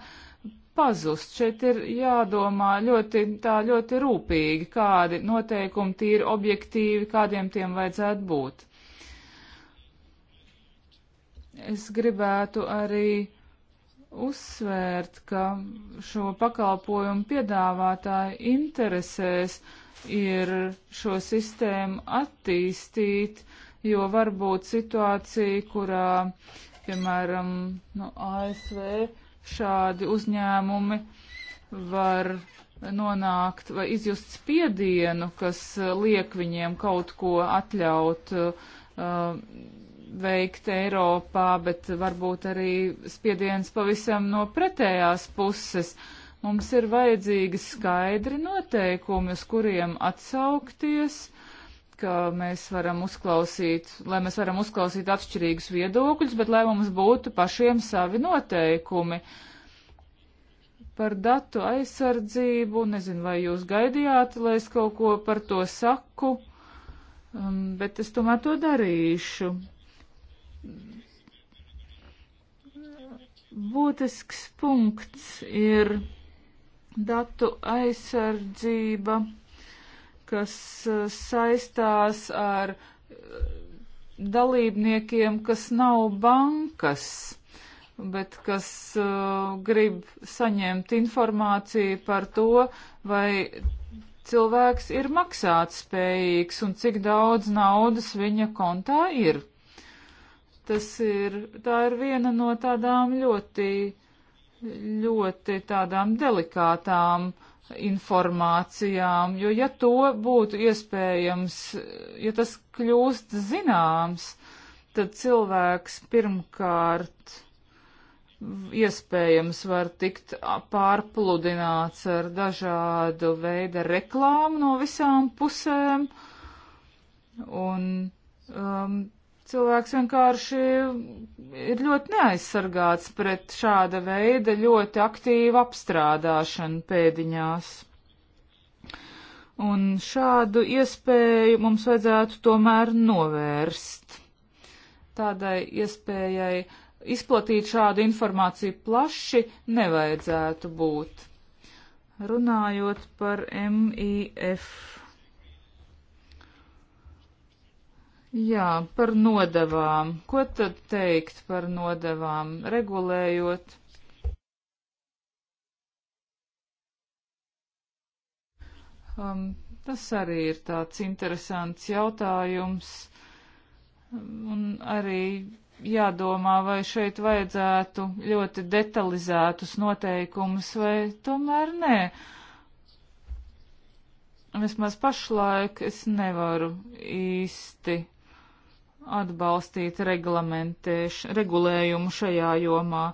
[SPEAKER 3] pazust. Šeit ir jādomā ļoti, tā ļoti rūpīgi, kādi noteikumi tīri objektīvi, kādiem tiem vajadzētu būt. Es gribētu arī uzsvērt, ka šo pakalpojumu piedāvātāju interesēs ir šo sistēmu attīstīt, jo var būt situācija, kurā, piemēram, no nu, ASV šādi uzņēmumi var nonākt vai izjust spiedienu, kas liek viņiem kaut ko atļaut uh, veikt Eiropā, bet varbūt arī spiediens pavisam no pretējās puses. Mums ir vajadzīgi skaidri noteikumi, uz kuriem atsaukties ka mēs varam uzklausīt, lai mēs varam uzklausīt atšķirīgus viedokļus, bet lai mums būtu pašiem savi noteikumi. Par datu aizsardzību, nezinu, vai jūs gaidījāt, lai es kaut ko par to saku, um, bet es tomēr to darīšu būtisks punkts ir datu aizsardzība, kas eh, saistās ar eh, dalībniekiem, kas nav bankas, bet kas uh, grib saņemt informāciju par to, vai cilvēks ir maksātspējīgs un cik daudz naudas viņa kontā ir. Tas ir, tā ir viena no tādām ļoti, ļoti tādām delikātām informācijām, jo ja to būtu iespējams, ja tas kļūst zināms, tad cilvēks pirmkārt iespējams var tikt pārpludināts ar dažādu veidu reklāmu no visām pusēm. Un um, cilvēks vienkārši ir ļoti neaizsargāts pret šāda veida ļoti aktīvu apstrādāšanu pēdiņās. Un šādu iespēju mums vajadzētu tomēr novērst. Tādai iespējai izplatīt šādu informāciju plaši nevajadzētu būt. Runājot par MIF Jā, par nodevām. Ko tad teikt par nodevām? Regulējot. Um, tas arī ir tāds interesants jautājums. Un arī jādomā, vai šeit vajadzētu ļoti detalizētus noteikumus, vai tomēr nē. Vismaz pašlaik es nevaru īsti atbalstīt regulējumu šajā jomā.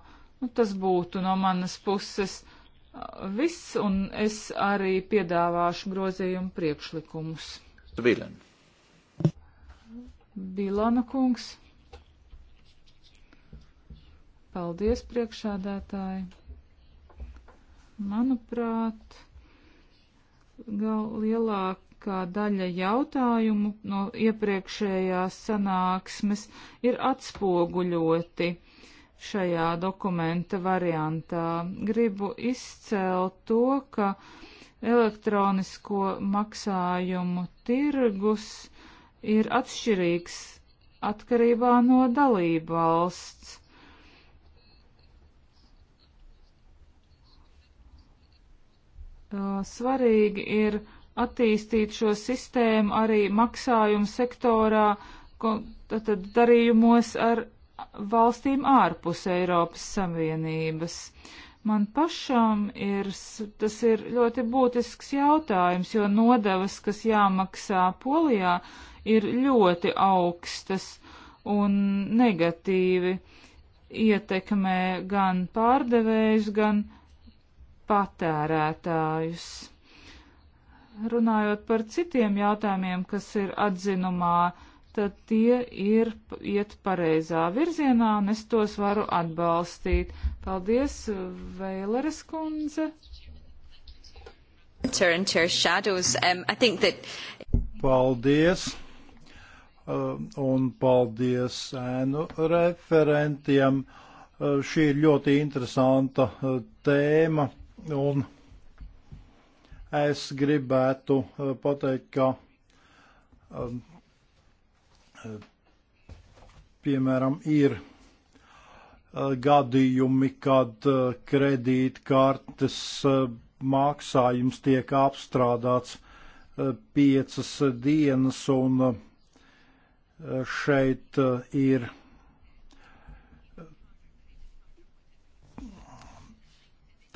[SPEAKER 3] Nu, tas būtu no manas puses viss, un es arī piedāvāšu grozījumu priekšlikumus. Vilen. Bilana kungs. Paldies, priekšādātāji. Manuprāt, gal lielāk kā daļa jautājumu no iepriekšējās sanāksmes ir atspoguļoti šajā dokumenta variantā. Gribu izcelt to, ka elektronisko maksājumu tirgus ir atšķirīgs atkarībā no dalību valsts. Svarīgi ir, attīstīt šo sistēmu arī maksājumu sektorā, tātad darījumos ar valstīm ārpus Eiropas Savienības. Man pašam ir, tas ir ļoti būtisks jautājums, jo nodevas, kas jāmaksā Polijā, ir ļoti augstas un negatīvi ietekmē gan pārdevējus, gan patērētājus runājot par citiem jautājumiem, kas ir atzinumā, tad tie ir iet pareizā virzienā, un es tos varu atbalstīt. Paldies, Vēleres kundze.
[SPEAKER 1] Um, paldies, uh, un paldies ēnu referentiem. Uh, šī ir ļoti interesanta uh, tēma, un Es gribētu eh, pateikt, ka ehm, eh, piemēram ir eh, gadījumi, kad kredītkartes maksājums tiek apstrādāts piecas dienas, un šeit ir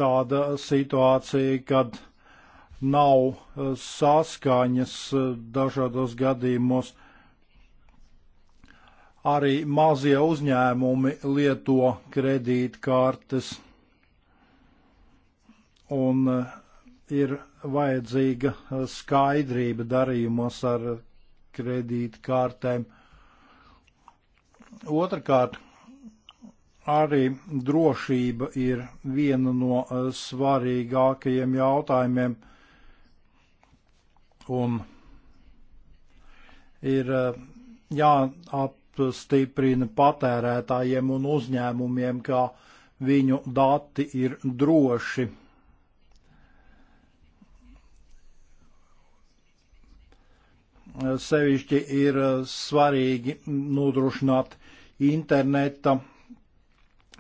[SPEAKER 1] tāda situācija, kad nav eh, saskaņas eh, dažādos gadījumos. Arī mazie uzņēmumi lieto kredītkartes un eh, ir vajadzīga skaidrība darījumos ar kredītkartēm. Otrakārt, arī drošība ir viena no svarīgākajiem jautājumiem un ir eh, jāapstiprina patērētājiem un uzņēmumiem, ka viņu dati ir droši. Sevišķi ir eh, svarīgi nodrošināt interneta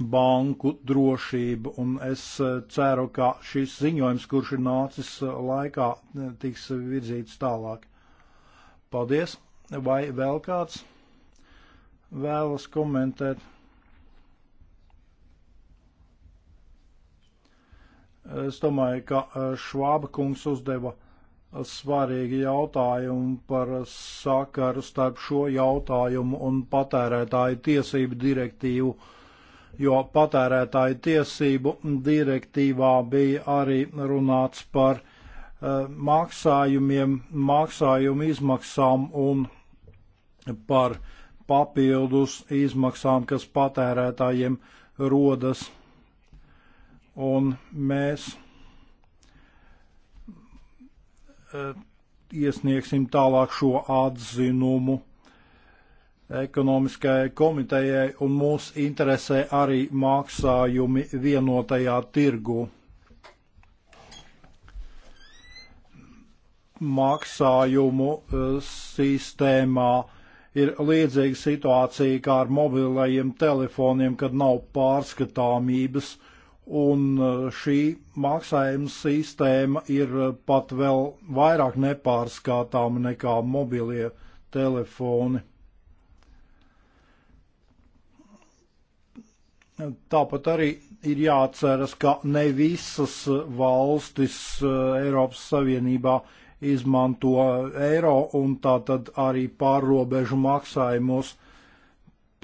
[SPEAKER 1] banku drošību, un es eh, ceru, ka šis ziņojums, kurš ir nācis eh, laikā, eh, tiks virzīts tālāk. Paldies! Vai vēl kāds vēlas komentēt? Es domāju, ka Švāba kungs uzdeva svarīgi jautājumi par sakaru starp šo jautājumu un patērētāju tiesību direktīvu jo patērētāju tiesību direktīvā bija arī runāts par eh, maksājumiem, maksājumu izmaksām un par papildus izmaksām, kas patērētājiem rodas. Un mēs eh, iesniegsim tālāk šo atzinumu ekonomiskajai komitejai un mūs interesē arī maksājumi vienotajā tirgu. Maksājumu eh, sistēmā ir līdzīga situācija kā ar mobilajiem telefoniem, kad nav pārskatāmības, un eh, šī maksājuma sistēma ir eh, pat vēl vairāk nepārskatāma nekā mobilie telefoni. Tāpat arī ir jāatceras, ka ne visas valstis eh, Eiropas Savienībā izmanto eiro un tātad arī pārrobežu maksājumus.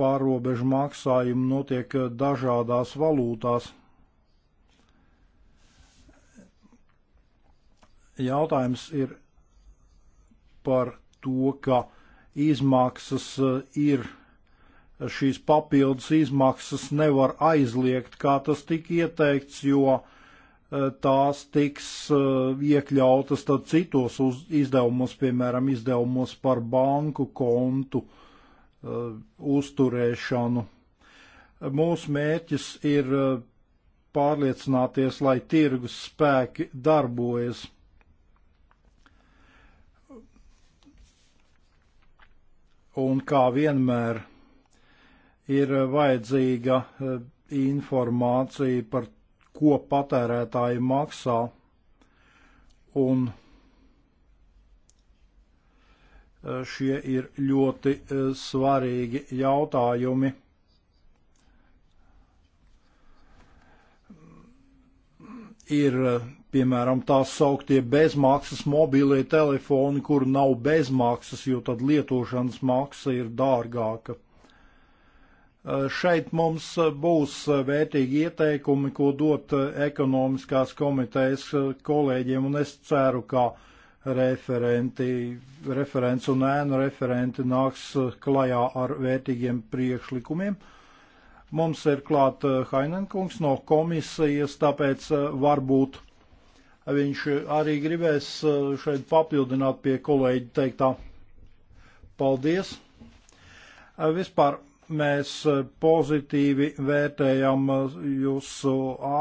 [SPEAKER 1] Pārrobežu maksājumi notiek eh, dažādās valūtās. Jautājums ir par to, ka izmaksas eh, ir šīs papildus izmaksas nevar aizliegt, kā tas tika ieteikts, jo eh, tās tiks eh, iekļautas tad citos izdevumos, piemēram, izdevumos par banku kontu eh, uzturēšanu. Mūsu mērķis ir pārliecināties, lai tirgus spēki darbojas. Un kā vienmēr ir eh, vajadzīga eh, informācija par ko patērētāji maksā un eh, šie ir ļoti svarīgi jautājumi. Ir, piemēram, tās sauktie bezmaksas mobilie telefoni, kur nav bezmaksas, jo tad lietošanas maksa ir dārgāka. Eh, šeit mums eh, būs eh, vērtīgi ieteikumi, ko dot ekonomiskās komitejas kolēģiem, un es ceru, ka referenti, referents un ēnu referenti nāks klajā ar vērtīgiem priekšlikumiem. Mums ir klāt Hainenkungs no komisijas, tāpēc varbūt viņš arī gribēs šeit papildināt pie kolēģi teiktā. Paldies! Vispār mēs eh, pozitīvi vērtējam eh, jūsu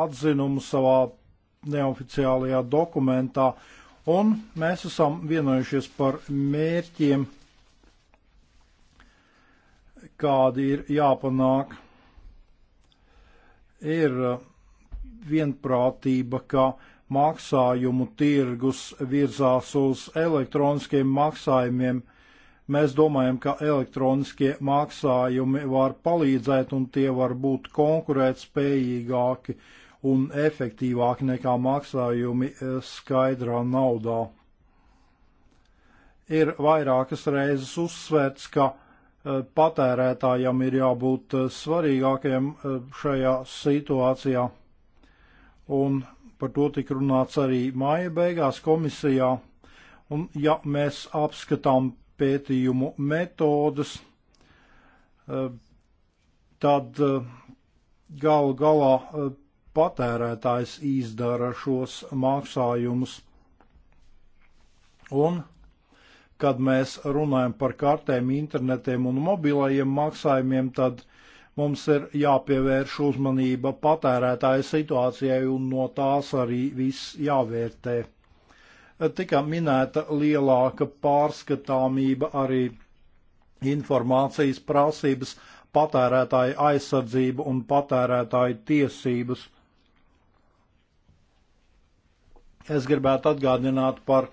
[SPEAKER 1] atzinumu savā neoficiālajā dokumentā, un mēs esam vienojušies par mērķiem, kādi ir jāpanāk. Ir eh, vienprātība, ka maksājumu tirgus virzās uz elektroniskiem maksājumiem Mēs domājam, ka elektroniskie maksājumi var palīdzēt un tie var būt konkurētspējīgāki un efektīvāki nekā maksājumi e, skaidrā naudā. Ir vairākas reizes uzsvērts, ka e, patērētājam ir jābūt e, svarīgākajam šajā situācijā. Un par to tika runāts arī māja beigās komisijā. Un ja mēs apskatām pētījumu metodus, e, tad e, galu galā e, patērētājs izdara šos maksājumus. Un, kad mēs runājam par kartēm, internetiem un mobilajiem maksājumiem, tad mums ir jāpievērš uzmanība patērētāja situācijai un no tās arī viss jāvērtē. Tika minēta lielāka pārskatāmība arī informācijas prasības, patērētāju aizsardzību un patērētāju tiesības. Es gribētu atgādināt par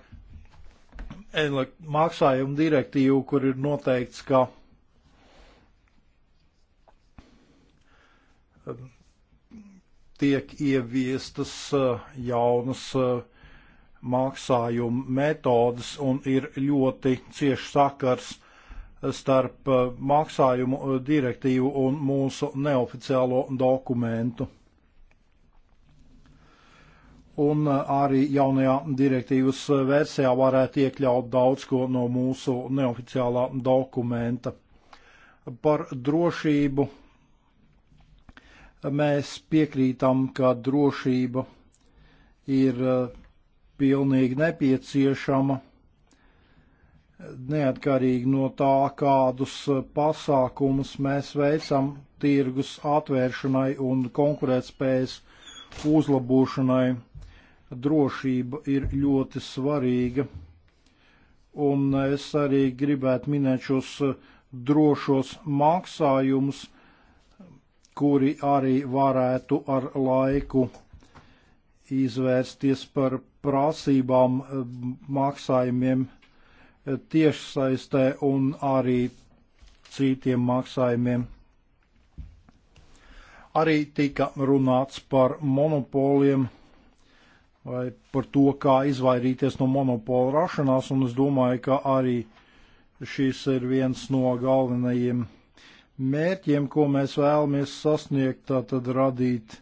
[SPEAKER 1] maksājumu direktīvu, kur ir noteikts, ka um, tiek ieviestas uh, jaunas uh, maksājumu metodas un ir ļoti cieši sakars starp eh, maksājumu eh, direktīvu un mūsu neoficiālo dokumentu. Un eh, arī jaunajā direktīvas versijā varētu iekļaut daudz ko no mūsu neoficiālā dokumenta. Par drošību mēs piekrītam, ka drošība ir pilnīgi nepieciešama, neatkarīgi no tā, kādus pasākumus mēs veicam tirgus atvēršanai un konkurētspējas uzlabošanai. Drošība ir ļoti svarīga, un es arī gribētu minēt šos drošos maksājumus, kuri arī varētu ar laiku izvērsties par prasībām eh, maksājumiem eh, tiešsaistē un arī citiem maksājumiem. Arī tika runāts par monopoliem vai par to, kā izvairīties no monopola rašanās, un es domāju, ka arī šis ir viens no galvenajiem mērķiem, ko mēs vēlamies sasniegt, tātad radīt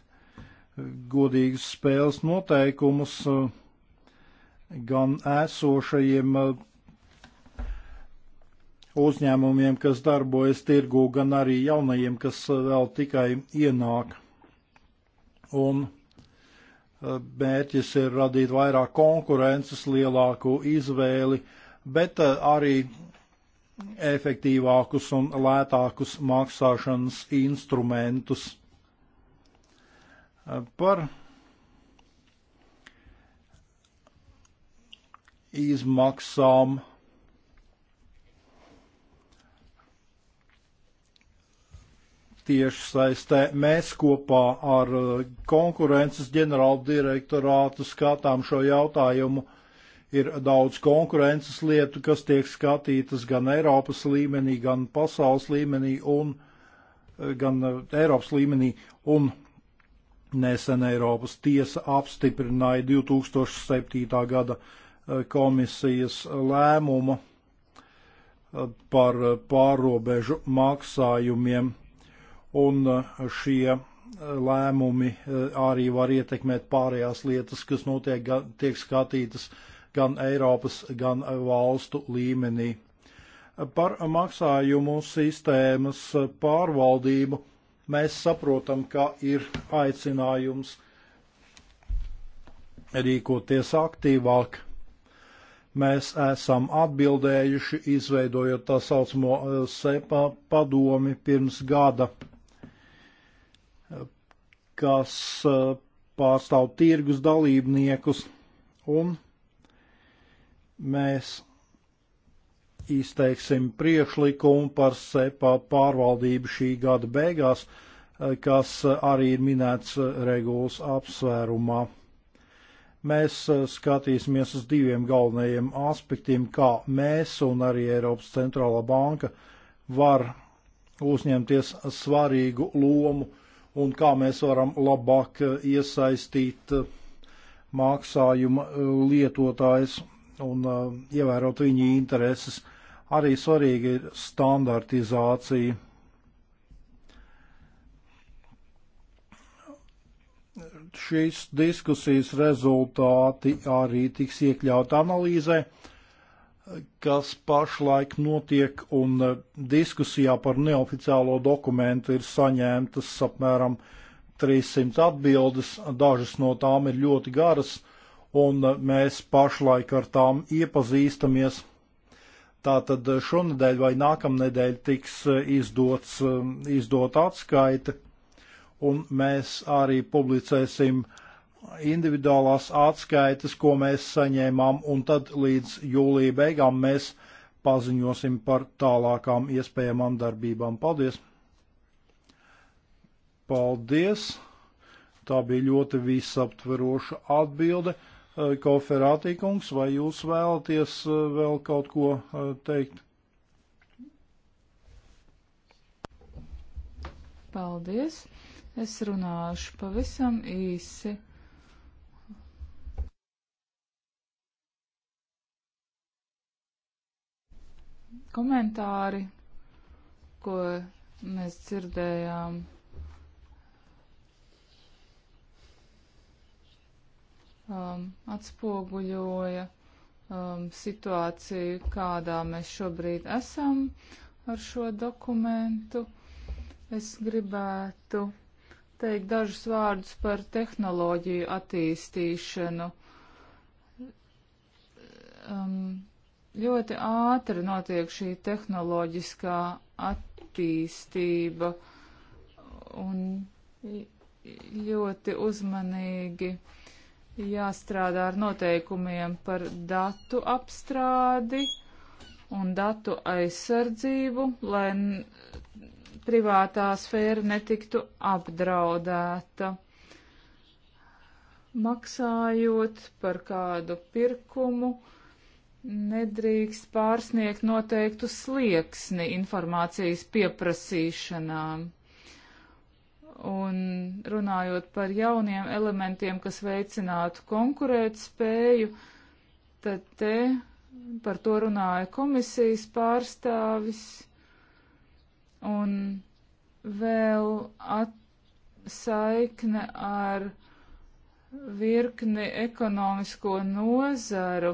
[SPEAKER 1] godīgas spēles noteikumus, uh, gan esošajiem uh, uzņēmumiem, kas darbojas tirgu, gan arī jaunajiem, kas uh, vēl tikai ienāk. Un uh, mērķis ir radīt vairāk konkurences, lielāku izvēli, bet arī efektīvākus un lētākus maksāšanas instrumentus. Par izmaksām. Tieši saistē mēs kopā ar uh, konkurences ģenerālu direktorātu skatām šo jautājumu. Ir daudz konkurences lietu, kas tiek skatītas gan Eiropas līmenī, gan pasaules līmenī un uh, gan uh, Eiropas līmenī. Un nesen Eiropas tiesa apstiprināja 2007. gada uh, komisijas lēmumu eh, par pārobežu maksājumiem, un eh, šie eh, lēmumi arī var ietekmēt pārējās lietas, kas notiek, tiek skatītas gan Eiropas, gan valstu līmenī. Par maksājumu sistēmas pārvaldību mēs saprotam, ka ir aicinājums rīkoties aktīvāk mēs esam atbildējuši, izveidojot tā saucamo eh, SEPA padomi pirms gada, kas eh, pārstāv tirgus dalībniekus, un mēs izteiksim priekšlikumu par SEPA pārvaldību šī gada beigās, eh, kas arī ir minēts regulas apsvērumā. Mēs uh, skatīsimies uz diviem galvenajiem aspektiem, kā mēs un arī Eiropas centrālā banka var uzņemties svarīgu lomu un kā mēs varam labāk uh, iesaistīt uh, maksājuma lietotājs un ievērot viņu intereses. Arī svarīga ir standartizācija šīs diskusijas rezultāti arī tiks iekļaut analīzē, kas pašlaik notiek, un e, diskusijā par neoficiālo dokumentu ir saņemtas apmēram 300 atbildes, dažas no tām ir ļoti garas, un e, mēs pašlaik ar tām iepazīstamies. Tātad šonadēļ vai nākamnedēļ tiks e, izdots, izdot atskaita un mēs arī publicēsim individuālās atskaitas, ko mēs saņēmām, un tad līdz jūlija beigām mēs paziņosim par tālākām iespējamām darbībām. Paldies! Paldies! Tā bija ļoti visaptveroša atbilde. Eh, Koferātīkungs, vai jūs vēlaties eh, vēl kaut ko eh, teikt?
[SPEAKER 3] Paldies! Es runāšu pavisam īsi. Komentāri, ko mēs dzirdējām. Um, atspoguļoja um, situāciju, kādā mēs šobrīd esam ar šo dokumentu. Es gribētu teikt dažus vārdus par tehnoloģiju attīstīšanu. Um, ļoti ātri notiek šī tehnoloģiskā attīstība un ļoti uzmanīgi jāstrādā ar noteikumiem par datu apstrādi un datu aizsardzību, lai privātā sfēra netiktu apdraudēta. Maksājot par kādu pirkumu, nedrīkst pārsniegt noteiktu slieksni informācijas pieprasīšanām. Un runājot par jauniem elementiem, kas veicinātu konkurētspēju, tad te par to runāja komisijas pārstāvis un vēl saikne ar virkni ekonomisko nozaru.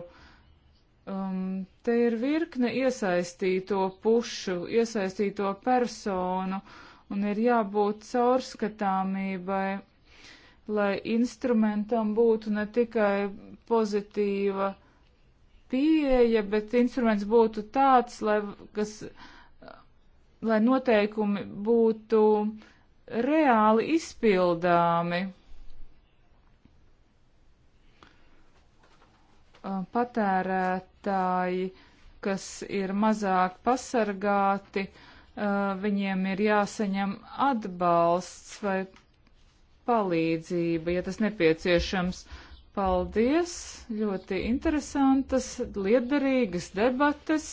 [SPEAKER 3] Um, te ir virkne iesaistīto pušu, iesaistīto personu, un ir jābūt caurskatāmībai, lai instrumentam būtu ne tikai pozitīva pieeja, bet instruments būtu tāds, lai, kas lai noteikumi būtu reāli izpildāmi. Patērētāji, kas ir mazāk pasargāti, viņiem ir jāsaņem atbalsts vai palīdzība, ja tas nepieciešams. Paldies! Ļoti interesantas, liederīgas debatas.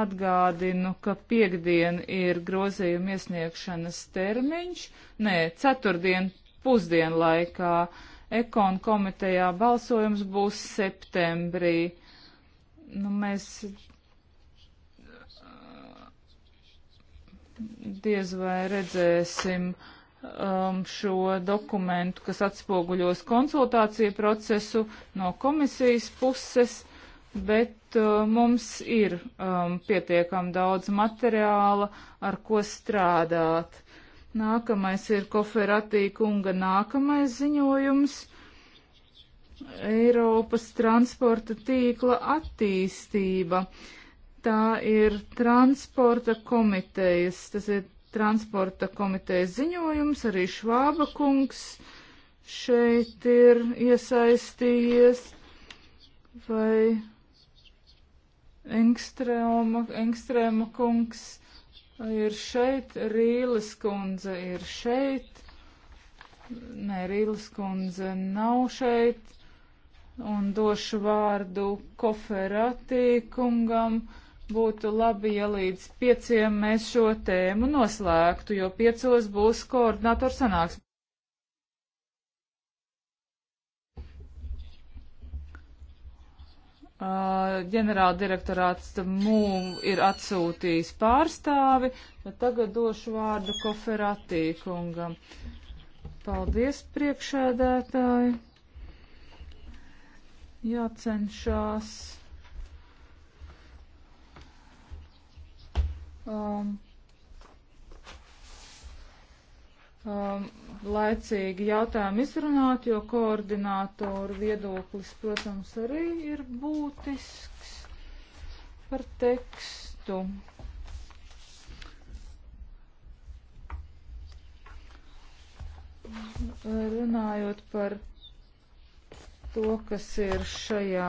[SPEAKER 3] Atgādinu, ka piekdien ir grozījuma iesniegšanas termiņš, nē, ceturtdien pusdienlaikā ekon komitejā balsojums būs septembrī. Nu, mēs uh, diez vai redzēsim um, šo dokumentu, kas atspoguļos konsultāciju procesu no komisijas puses bet uh, mums ir um, pietiekami daudz materiāla, ar ko strādāt. Nākamais ir Koferatī kunga nākamais ziņojums - Eiropas transporta tīkla attīstība. Tā ir transporta komitejas, tas ir transporta komitejas ziņojums, arī Švāba kungs šeit ir iesaistījies. Vai Engstrēma, Engstrēma kungs ir šeit, Rīles kundze ir šeit, nē, Rīles kundze nav šeit, un došu vārdu koferatī kungam. Būtu labi, ja līdz pieciem mēs šo tēmu noslēgtu, jo piecos būs koordinātors sanāks. Uh, ģenerāla direktorāts MUM ir atsūtījis pārstāvi, bet tagad došu vārdu koferatī kungam. Paldies, priekšēdētāji. Jācenšās. Um, um, laicīgi jautājumu izrunāt, jo koordinātoru viedoklis, protams, arī ir būtisks par tekstu. Runājot par to, kas ir šajā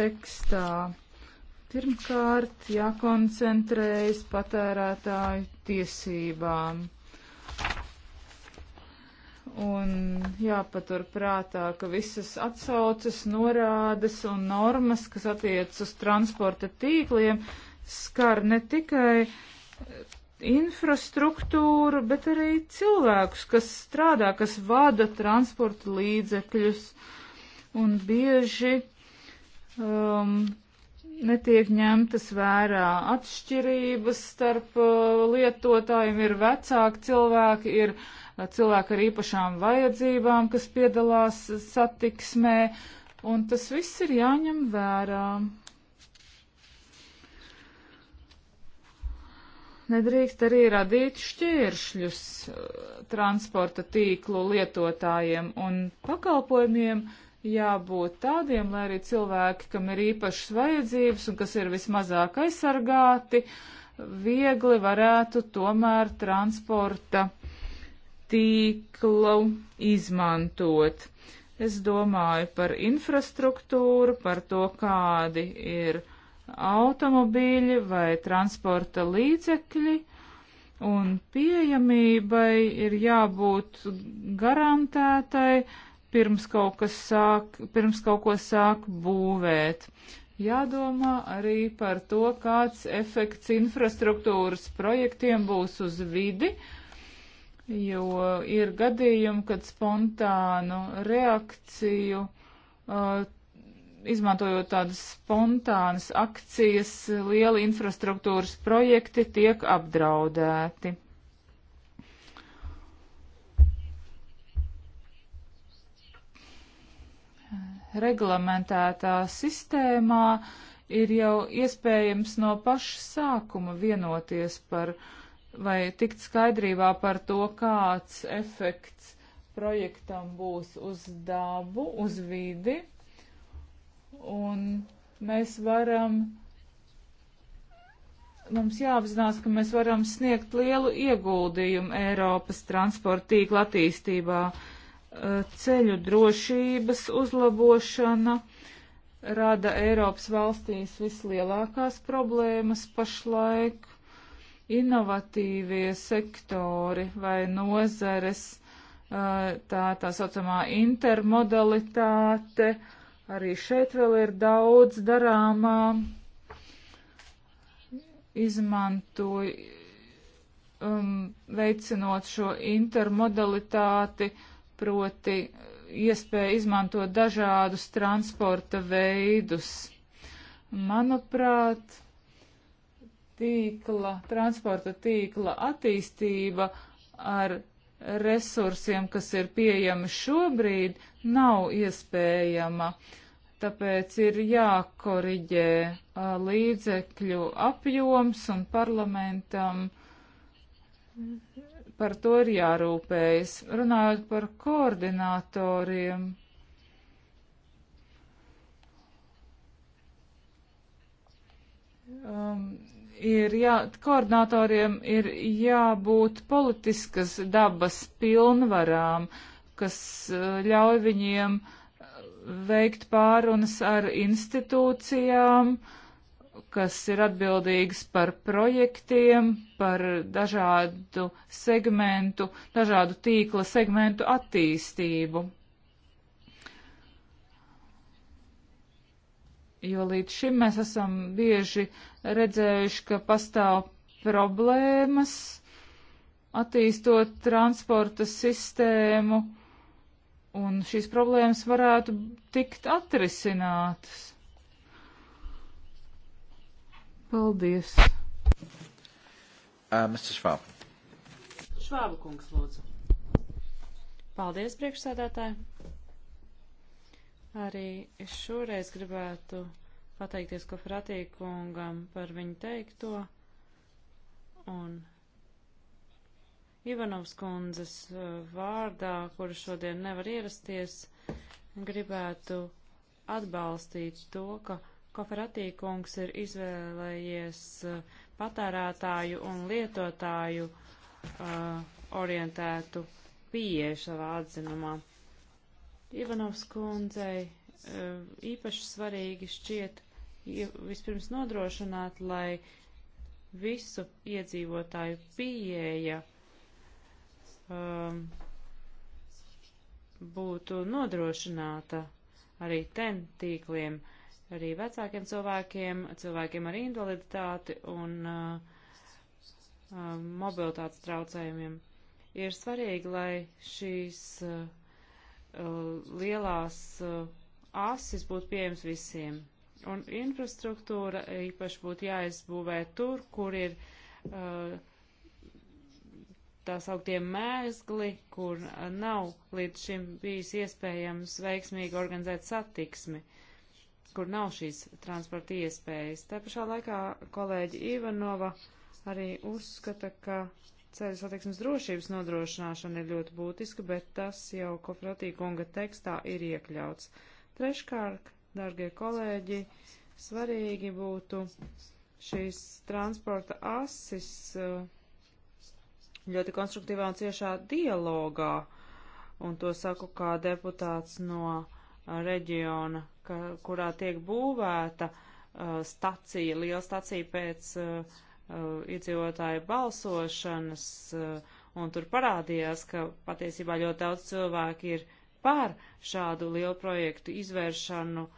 [SPEAKER 3] tekstā. Pirmkārt, jākoncentrējas patērētāju tiesībām un jāpatur prātā, ka visas atsauces, norādes un normas, kas attiec uz transporta tīkliem, skar ne tikai infrastruktūru, bet arī cilvēkus, kas strādā, kas vada transporta līdzekļus. Un bieži um, netiek ņemtas vērā atšķirības starp uh, lietotājiem, ir vecāki cilvēki, ir uh, cilvēki ar īpašām vajadzībām, kas piedalās satiksmē, un tas viss ir jāņem vērā. Nedrīkst arī radīt šķēršļus uh, transporta tīklu lietotājiem un pakalpojumiem, uh, jābūt tādiem, lai arī cilvēki, kam ir īpašas vajadzības un kas ir vismazāk aizsargāti, viegli varētu tomēr transporta tīklu izmantot. Es domāju par infrastruktūru, par to, kādi ir automobīļi vai transporta līdzekļi, un pieejamībai ir jābūt garantētai, uh, pirms kaut, kas sāk, pirms kaut ko sāk būvēt. Jādomā arī par to, kāds efekts infrastruktūras projektiem būs uz vidi, jo ir gadījumi, kad spontānu reakciju, uh, izmantojot tādas spontānas akcijas, lieli infrastruktūras projekti tiek apdraudēti. reglamentētā sistēmā ir jau iespējams no paša sākuma vienoties par vai tikt skaidrībā par to, kāds efekts projektam būs uz dabu, uz vidi. Un mēs varam, mums jāapzinās, ka mēs varam sniegt lielu ieguldījumu Eiropas transporta tīkla attīstībā. Uh, ceļu drošības uzlabošana rada Eiropas valstīs vislielākās problēmas pašlaik. Inovatīvie sektori vai nozares, tā tā saucamā intermodalitāte, arī šeit vēl ir daudz darāmā. Izmantoju, um, veicinot šo intermodalitāti, uh, proti iespēja izmantot dažādus transporta veidus. Manuprāt, tīkla, transporta tīkla attīstība ar resursiem, kas ir pieejami šobrīd, nav iespējama. Tāpēc ir jākoriģē a, līdzekļu apjoms un parlamentam par to ir jārūpējas. Runājot par koordinatoriem. Um, ir jā, koordinatoriem ir jābūt politiskas dabas pilnvarām, kas uh, ļauj viņiem uh, veikt pārunas ar institūcijām, uh, kas ir atbildīgas par projektiem, par dažādu segmentu, dažādu tīkla segmentu attīstību. Jo līdz šim mēs esam bieži redzējuši, ka pastāv problēmas attīstot transporta sistēmu, un šīs problēmas varētu tikt atrisinātas. Paldies.
[SPEAKER 1] Uh, Mr. Švāb.
[SPEAKER 2] Švāba kungs, lūdzu. Paldies, priekšsēdētāji. Arī es šoreiz gribētu pateikties Kofratī kungam par viņu teikto un Ivanovs kundzes uh, vārdā, kuru šodien nevar ierasties, gribētu atbalstīt to, ka Koferatī kungs ir izvēlējies eh, patērētāju un lietotāju uh, orientētu pieeju savā atzinumā. Ivanovs kundzei uh, īpaši svarīgi šķiet vispirms nodrošināt, lai visu iedzīvotāju pieeja um, būtu nodrošināta arī ten tīkliem. Uh, arī vecākiem cilvēkiem, cilvēkiem ar invaliditāti un uh, uh, mobilitātes traucējumiem. Ir svarīgi, lai šīs uh, lielās asis būtu pieejams visiem. Un infrastruktūra īpaši būtu jāizbūvē tur, kur ir uh, tā sauktie mēsgli, kur nav līdz šim bijis iespējams veiksmīgi organizēt satiksmi. Uh, kur nav šīs transporta iespējas. Tā pašā laikā kolēģi Ivanova arī uzskata, ka ceļu satiksmes drošības nodrošināšana ir ļoti būtiska, bet tas jau Kofratī kunga tekstā ir iekļauts. Treškārt, dārgie kolēģi, svarīgi būtu šīs transporta asis uh, ļoti konstruktīvā un ciešā dialogā, un to saku kā deputāts no reģiona, ka, kurā tiek būvēta uh, stacija, liela stacija pēc uh, uh iedzīvotāju balsošanas, uh, un tur parādījās, ka patiesībā ļoti daudz cilvēku ir par šādu lielu projektu izvēršanu uh,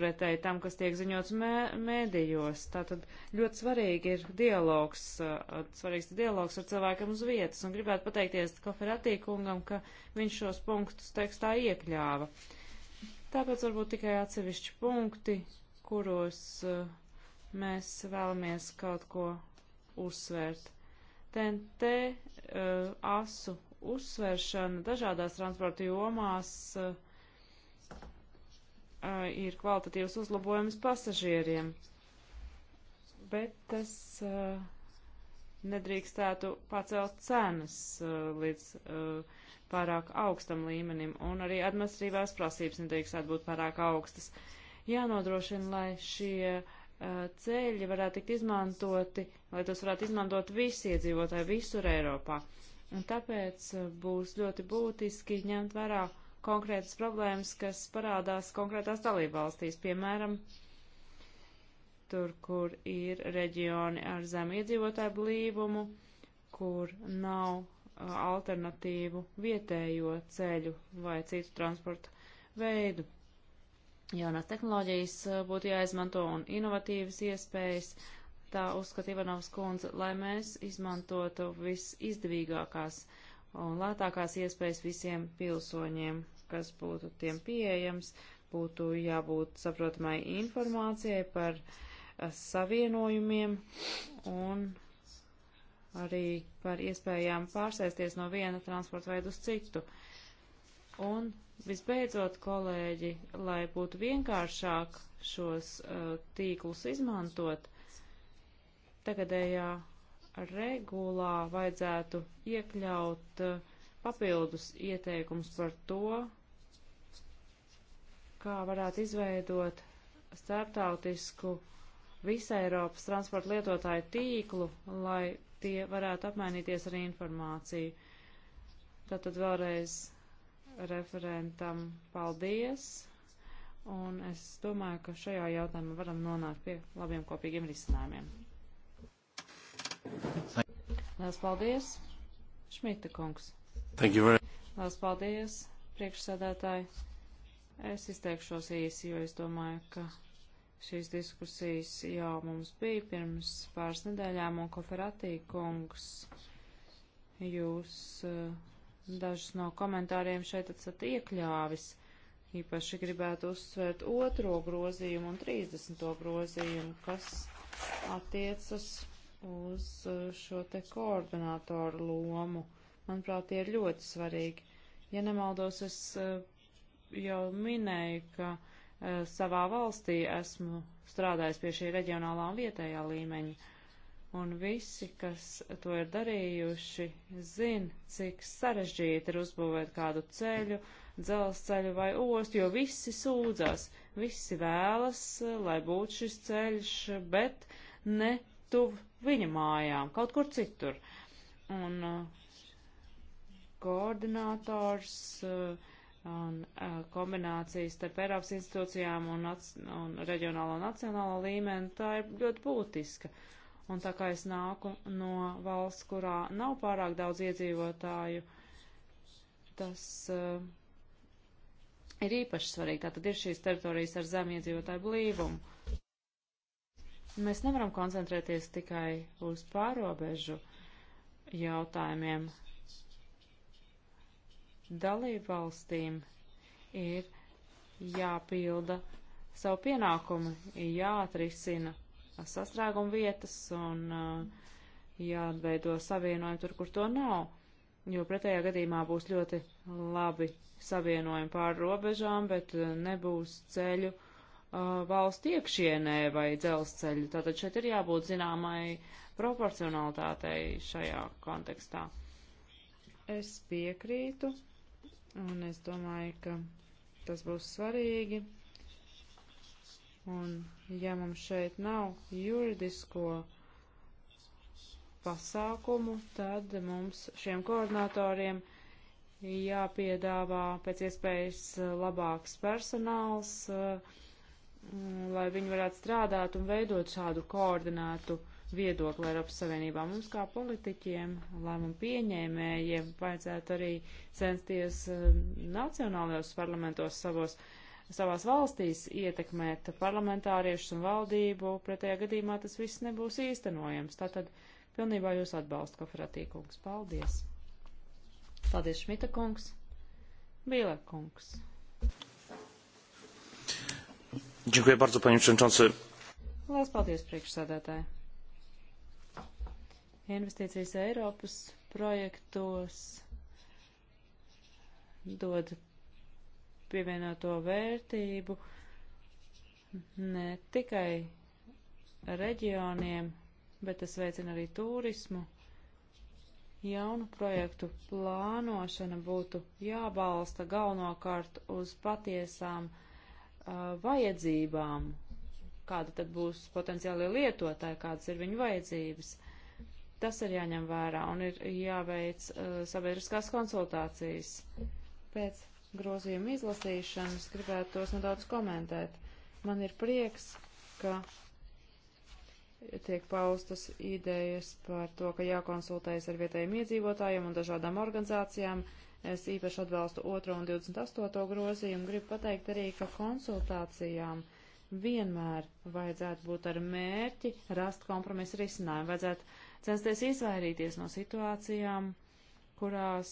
[SPEAKER 2] pretēji tam, kas tiek ziņots mē, mēdījos. Tātad ļoti svarīgi ir dialogs, uh, svarīgs ir dialogs ar cilvēkiem uz vietas, un gribētu pateikties Koferatī kungam, ka viņš šos punktus tekstā iekļāva. Uh, Tāpēc varbūt tikai atsevišķi punkti, kuros uh, mēs vēlamies kaut ko uzsvērt. TNT uh, eh, asu uzsvēršana dažādās transporta jomās uh, ir kvalitatīvs uzlabojums pasažieriem, bet tas nedrīkstētu pacelt cenas līdz pārāk augstam līmenim, un arī administratīvās prasības nedrīkstētu būt pārāk augstas. Jānodrošina, lai šie uh, ceļi varētu tikt izmantoti, lai tos varētu izmantot visi iedzīvotāji visur Eiropā. Un tāpēc uh, būs ļoti būtiski ņemt vērā konkrētas problēmas, kas parādās konkrētās dalībvalstīs, piemēram, tur, kur ir reģioni ar zemu iedzīvotāju blīvumu, kur nav alternatīvu vietējo ceļu vai citu transporta veidu. Jaunās tehnoloģijas uh, būtu jāizmanto un inovatīvas iespējas, tā uzskata Ivanovs kundze, lai mēs izmantotu visizdevīgākās un lētākās iespējas visiem pilsoņiem, kas būtu tiem pieejams, būtu jābūt saprotamai informācijai par uh, savienojumiem un arī par iespējām pārsēsties no viena transporta veida uz citu. Un visbeidzot, kolēģi, lai būtu vienkāršāk šos uh, tīklus izmantot, tagadējā regulā vajadzētu iekļaut uh, papildus ieteikums par to, kā varētu izveidot starptautisku visai Eiropas transporta lietotāju tīklu, lai tie varētu apmainīties ar informāciju. Tātad vēlreiz referentam paldies, un es domāju, ka šajā jautājumā varam nonākt pie labiem kopīgiem risinājumiem. Lielas paldies, Šmita kungs. Lielas paldies, priekšsēdētāji. Es izteikšos īsi, jo es domāju, ka Šīs diskusijas jau mums bija pirms pāris nedēļām, un Koferatī kungs, jūs eh, dažus no komentāriem šeit esat iekļāvis. Īpaši gribētu uzsvērt otro grozījumu un 30. grozījumu, kas attiecas uz eh, šo te koordinātoru lomu. Manuprāt, tie ir ļoti svarīgi. Ja nemaldos, es eh, jau minēju, ka Eh, savā valstī esmu strādājis pie šī reģionālā un vietējā līmeņa. Un visi, kas to ir darījuši, zin, cik sarežģīti ir uzbūvēt kādu ceļu, dzelzceļu vai ostu, jo visi sūdzās, visi vēlas, eh, lai būtu šis ceļš, bet ne tuv viņa mājām, kaut kur citur. Un uh, eh, koordinātors uh, un kombinācijas starp Eiropas institūcijām un, un reģionālo un nacionālo līmeni, tā ir ļoti būtiska. Un tā kā es nāku no valsts, kurā nav pārāk daudz iedzīvotāju, tas uh, ir īpaši svarīgi. Tātad ir šīs teritorijas ar zem iedzīvotāju blīvumu. Mēs nevaram koncentrēties tikai uz pārobežu jautājumiem, dalību valstīm ir jāpilda savu pienākumu, jāatrisina sastrēguma vietas un uh, jāatveido savienojumi tur, kur to nav, jo pretējā gadījumā būs ļoti labi savienojumi pār robežām, bet uh, nebūs ceļu uh, valsts iekšienē vai dzelzceļu. Tātad šeit ir jābūt zināmai proporcionalitātei šajā kontekstā. Es piekrītu Un es domāju, ka tas būs svarīgi. Un ja mums šeit nav juridisko pasākumu, tad mums šiem koordinatoriem jāpiedāvā pēc iespējas labāks personāls, eh, lai viņi varētu strādāt un veidot šādu koordinātu viedokli Eiropas Savienībā. Mums kā politiķiem, lēmumu pieņēmējiem, vajadzētu arī censties eh, nacionālajos parlamentos savos, savās valstīs ietekmēt parlamentāriešus un valdību, pretējā gadījumā tas viss nebūs īstenojams. Tātad pilnībā jūs atbalstu, Koferatī kungs. Paldies! Paldies, Šmita kungs! Bīla kungs!
[SPEAKER 1] Dziękuję bardzo, panie przewodniczący.
[SPEAKER 2] Lielas paldies, priekšsēdētāji! investīcijas Eiropas projektos dod pievienoto vērtību ne tikai reģioniem, bet tas veicina arī turismu. Jaunu projektu plānošana būtu jābalsta galvenokārt uz patiesām uh, vajadzībām, kāda tad būs potenciālie lietotāji, kādas ir viņu vajadzības. Uh, Tas ir jāņem vērā un ir jāveic uh, sabiedriskās konsultācijas. Pēc grozījuma izlasīšanas gribētu tos nedaudz komentēt. Man ir prieks, ka tiek paustas idejas par to, ka jākonsultējas ar vietējiem iedzīvotājiem un dažādām organizācijām. Es īpaši atbalstu 2. un 28. grozījumu. Gribu pateikt arī, ka konsultācijām vienmēr vajadzētu būt ar mērķi rast kompromisu risinājumu. Vajadzētu censties izvairīties no situācijām, kurās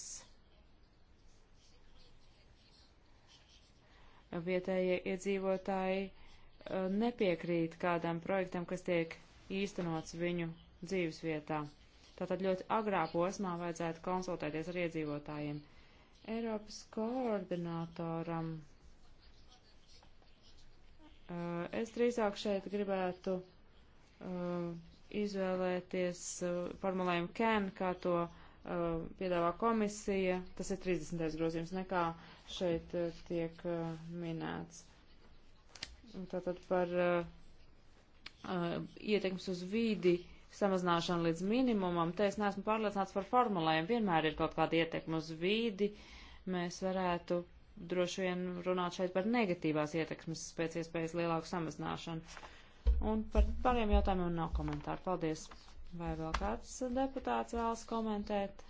[SPEAKER 2] vietējie iedzīvotāji uh, nepiekrīt kādam projektam, kas tiek īstenots viņu dzīves vietā. Tātad ļoti agrā posmā vajadzētu konsultēties ar iedzīvotājiem. Eiropas koordinatoram. Uh, es drīzāk šeit gribētu uh, izvēlēties uh, formulējumu can, kā to uh, piedāvā komisija. Tas ir 30. grozījums, nekā šeit uh, tiek minēts. Tātad par ietekmes uz vīdi samazināšanu līdz minimumam, te es neesmu pārliecināts par formulējumu. Vienmēr ir kaut kāda ietekme uz vīdi. Mēs varētu droši vien runāt šeit par negatīvās ietekmes pēc iespējas lielāku samazināšanu. Un par pāriem jautājumiem nav komentāru. Paldies. Vai vēl kāds deputāts vēlas komentēt?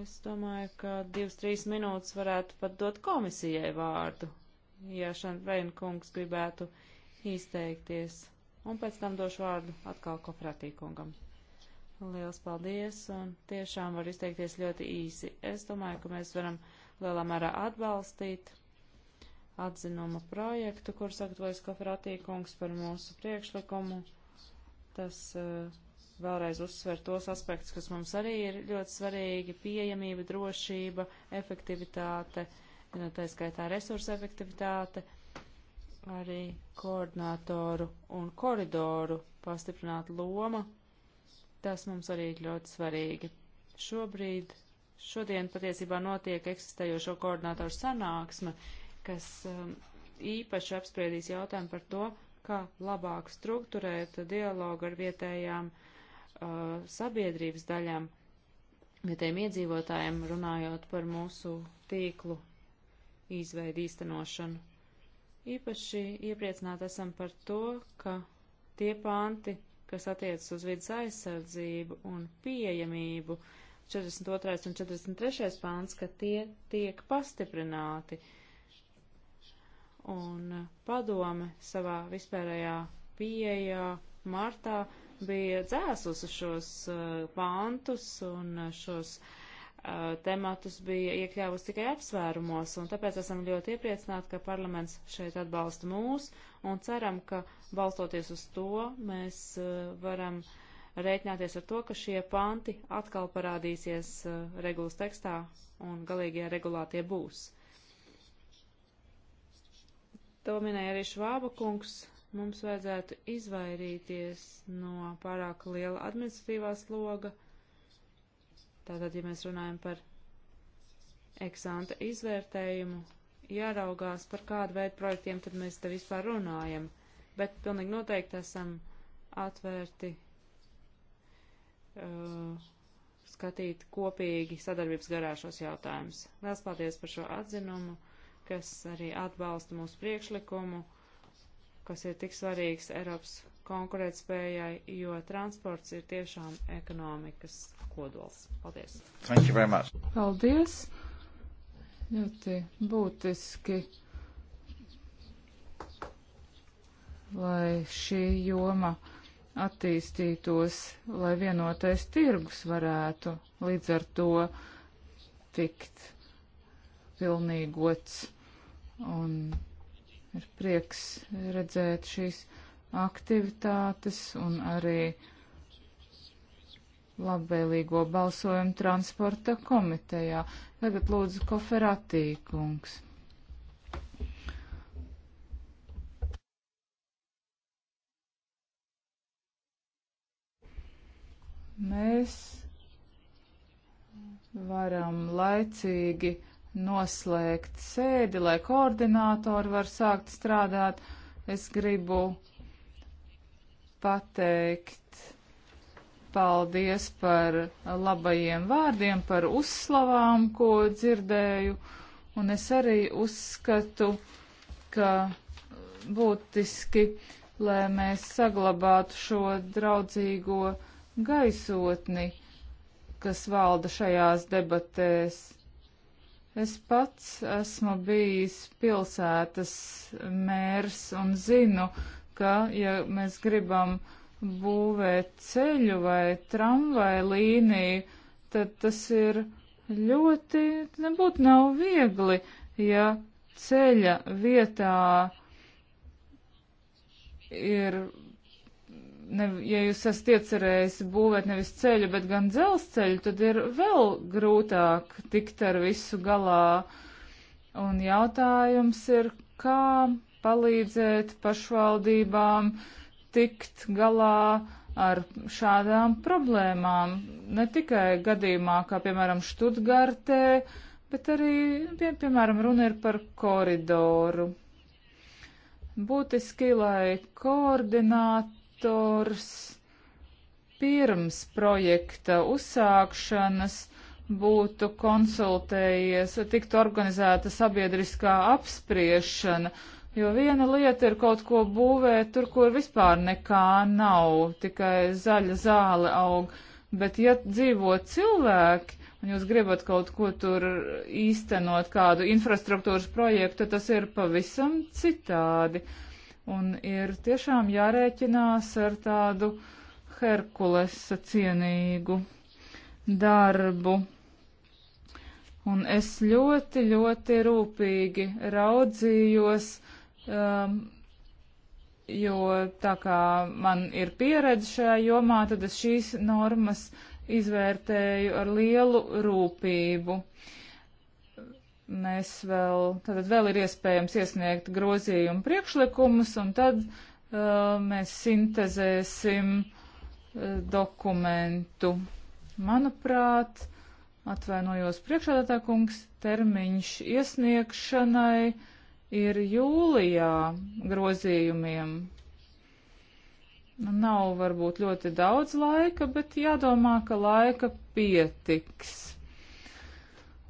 [SPEAKER 2] Es domāju, ka divas, trīs minūtes varētu pat dot komisijai vārdu, ja Šanveina kungs gribētu izteikties. Un pēc tam došu vārdu atkal kooperatīv kungam. Liels paldies, un tiešām var izteikties ļoti īsi. Es domāju, ka mēs varam lielā mērā atbalstīt atzinuma projektu, kur sagatavojas Koferatī kungs par mūsu priekšlikumu. Tas uh, vēlreiz uzsver tos aspektus, kas mums arī ir ļoti svarīgi - pieejamība, drošība, efektivitāte, nu, tā skaitā resursa efektivitāte, arī koordinātoru un koridoru pastiprināta loma. Tas mums arī ir ļoti svarīgi. Šobrīd, šodien patiesībā notiek eksistējošo koordinātoru sanāksme, kas um, īpaši apspriedīs jautājumu par to, kā labāk strukturēt dialogu ar vietējām uh, sabiedrības daļām, vietējiem iedzīvotājiem, runājot par mūsu tīklu izveidu īstenošanu. Īpaši iepriecināti esam par to, ka tie panti, kas attiecas uz vidas aizsardzību un pieejamību, 42. un 43. pāns, ka tie tiek pastiprināti. Uh, un padome savā vispārējā pieejā martā bija dzēsusi šos uh, pantus un šos uh, tematus bija iekļāvusi tikai apsvērumos, un tāpēc esam ļoti iepriecināti, ka parlaments šeit atbalsta mūs, un ceram, ka balstoties uz to mēs uh, varam rēķināties ar to, ka šie panti atkal parādīsies uh, regulas tekstā, un galīgajā regulā tie būs. To minēja arī Švāba kungs. Mums vajadzētu izvairīties no pārāk liela administratīvā sloga. Tātad, ja mēs runājam par eksanta izvērtējumu, jāraugās par kādu veidu projektiem, tad mēs te vispār runājam. Bet pilnīgi noteikti esam atvērti uh, skatīt kopīgi sadarbības garā šos jautājumus. Lielas paldies par šo atzinumu! kas arī atbalsta mūsu priekšlikumu, kas ir tik svarīgs Eiropas konkurētspējai, jo transports ir tiešām ekonomikas kodols. Paldies!
[SPEAKER 1] Thank you very much!
[SPEAKER 3] Paldies! Ļoti būtiski, lai šī joma attīstītos, lai vienotais tirgus varētu līdz ar to tikt pilnīgots. Un ir prieks redzēt šīs aktivitātes un arī labvēlīgo balsojumu transporta komitejā. Tagad lūdzu koferatī, kungs. Mēs varam laicīgi noslēgt sēdi, lai koordinātori var sākt strādāt. Es gribu pateikt paldies par labajiem vārdiem, par uzslavām, ko dzirdēju. Un es arī uzskatu, ka būtiski, lai mēs saglabātu šo draudzīgo gaisotni, kas valda šajās debatēs Es pats esmu bijis pilsētas mērs un zinu, ka, ja mēs gribam būvēt ceļu vai tramvai līniju, tad tas ir ļoti, nebūtu nav viegli, ja ceļa vietā ir ne, ja jūs esat iecerējis būvēt nevis ceļu, bet gan dzelzceļu, tad ir vēl grūtāk tikt ar visu galā. Un jautājums ir, kā palīdzēt pašvaldībām tikt galā ar šādām problēmām, ne tikai gadījumā, kā piemēram Študgartē, bet arī, pie, piemēram, runa ir par koridoru. Būtiski, lai koordinātu autors pirms projekta uzsākšanas būtu konsultējies, tiktu organizēta sabiedriskā apspriešana, jo viena lieta ir kaut ko būvēt tur, kur vispār nekā nav, tikai zaļa zāle aug, bet ja dzīvo cilvēki, un jūs gribat kaut ko tur īstenot, kādu infrastruktūras projektu, tas ir pavisam citādi. Uh, un ir tiešām jārēķinās ar tādu Herkulesa cienīgu darbu. Un es ļoti, ļoti rūpīgi raudzījos, um, jo tā kā man ir pieredze šajā jomā, tad es šīs normas izvērtēju ar lielu rūpību. Uh, mēs vēl, tad vēl ir iespējams iesniegt grozījumu priekšlikumus, un tad uh, mēs sintezēsim uh, dokumentu. Manuprāt, atvainojos priekšādātā kungs, termiņš iesniegšanai ir jūlijā grozījumiem. Nu, nav varbūt ļoti daudz laika, bet jādomā, ka laika pietiks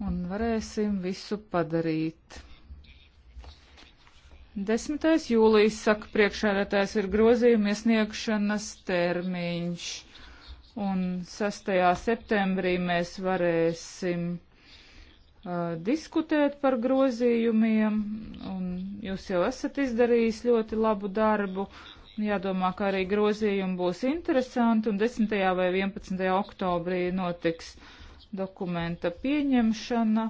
[SPEAKER 3] un varēsim visu padarīt. 10. jūlijas, saka priekšēdētājs, ir grozījuma iesniegšanas termiņš, un 6. septembrī mēs varēsim uh, diskutēt par grozījumiem, un jūs jau esat izdarījis ļoti labu darbu, jādomā, ka arī grozījumi būs interesanti, un 10. vai 11. oktobrī notiks uh, dokumenta pieņemšana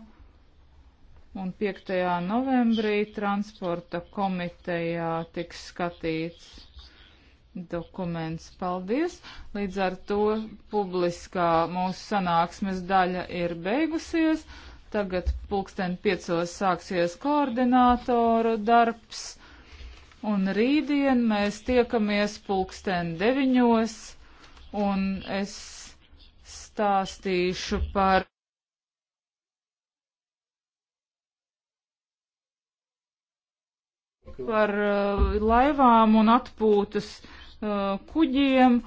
[SPEAKER 3] un 5. novembrī transporta komitejā tiks skatīts dokuments. Paldies! Līdz ar to publiskā mūsu sanāksmes daļa ir beigusies. Tagad pulksten piecos sāksies koordinātoru darbs. Un rītdien mēs tiekamies pulksten deviņos, un es pastāstīšu par. par uh, laivām un atpūtas uh, kuģiem,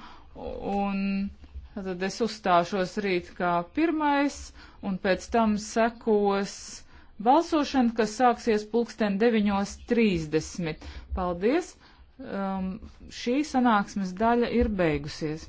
[SPEAKER 3] un tad es uzstāšos rīt kā pirmais, un pēc tam sekos balsošana, kas sāksies pulksten 9.30. Paldies! Um, šī sanāksmes daļa ir beigusies.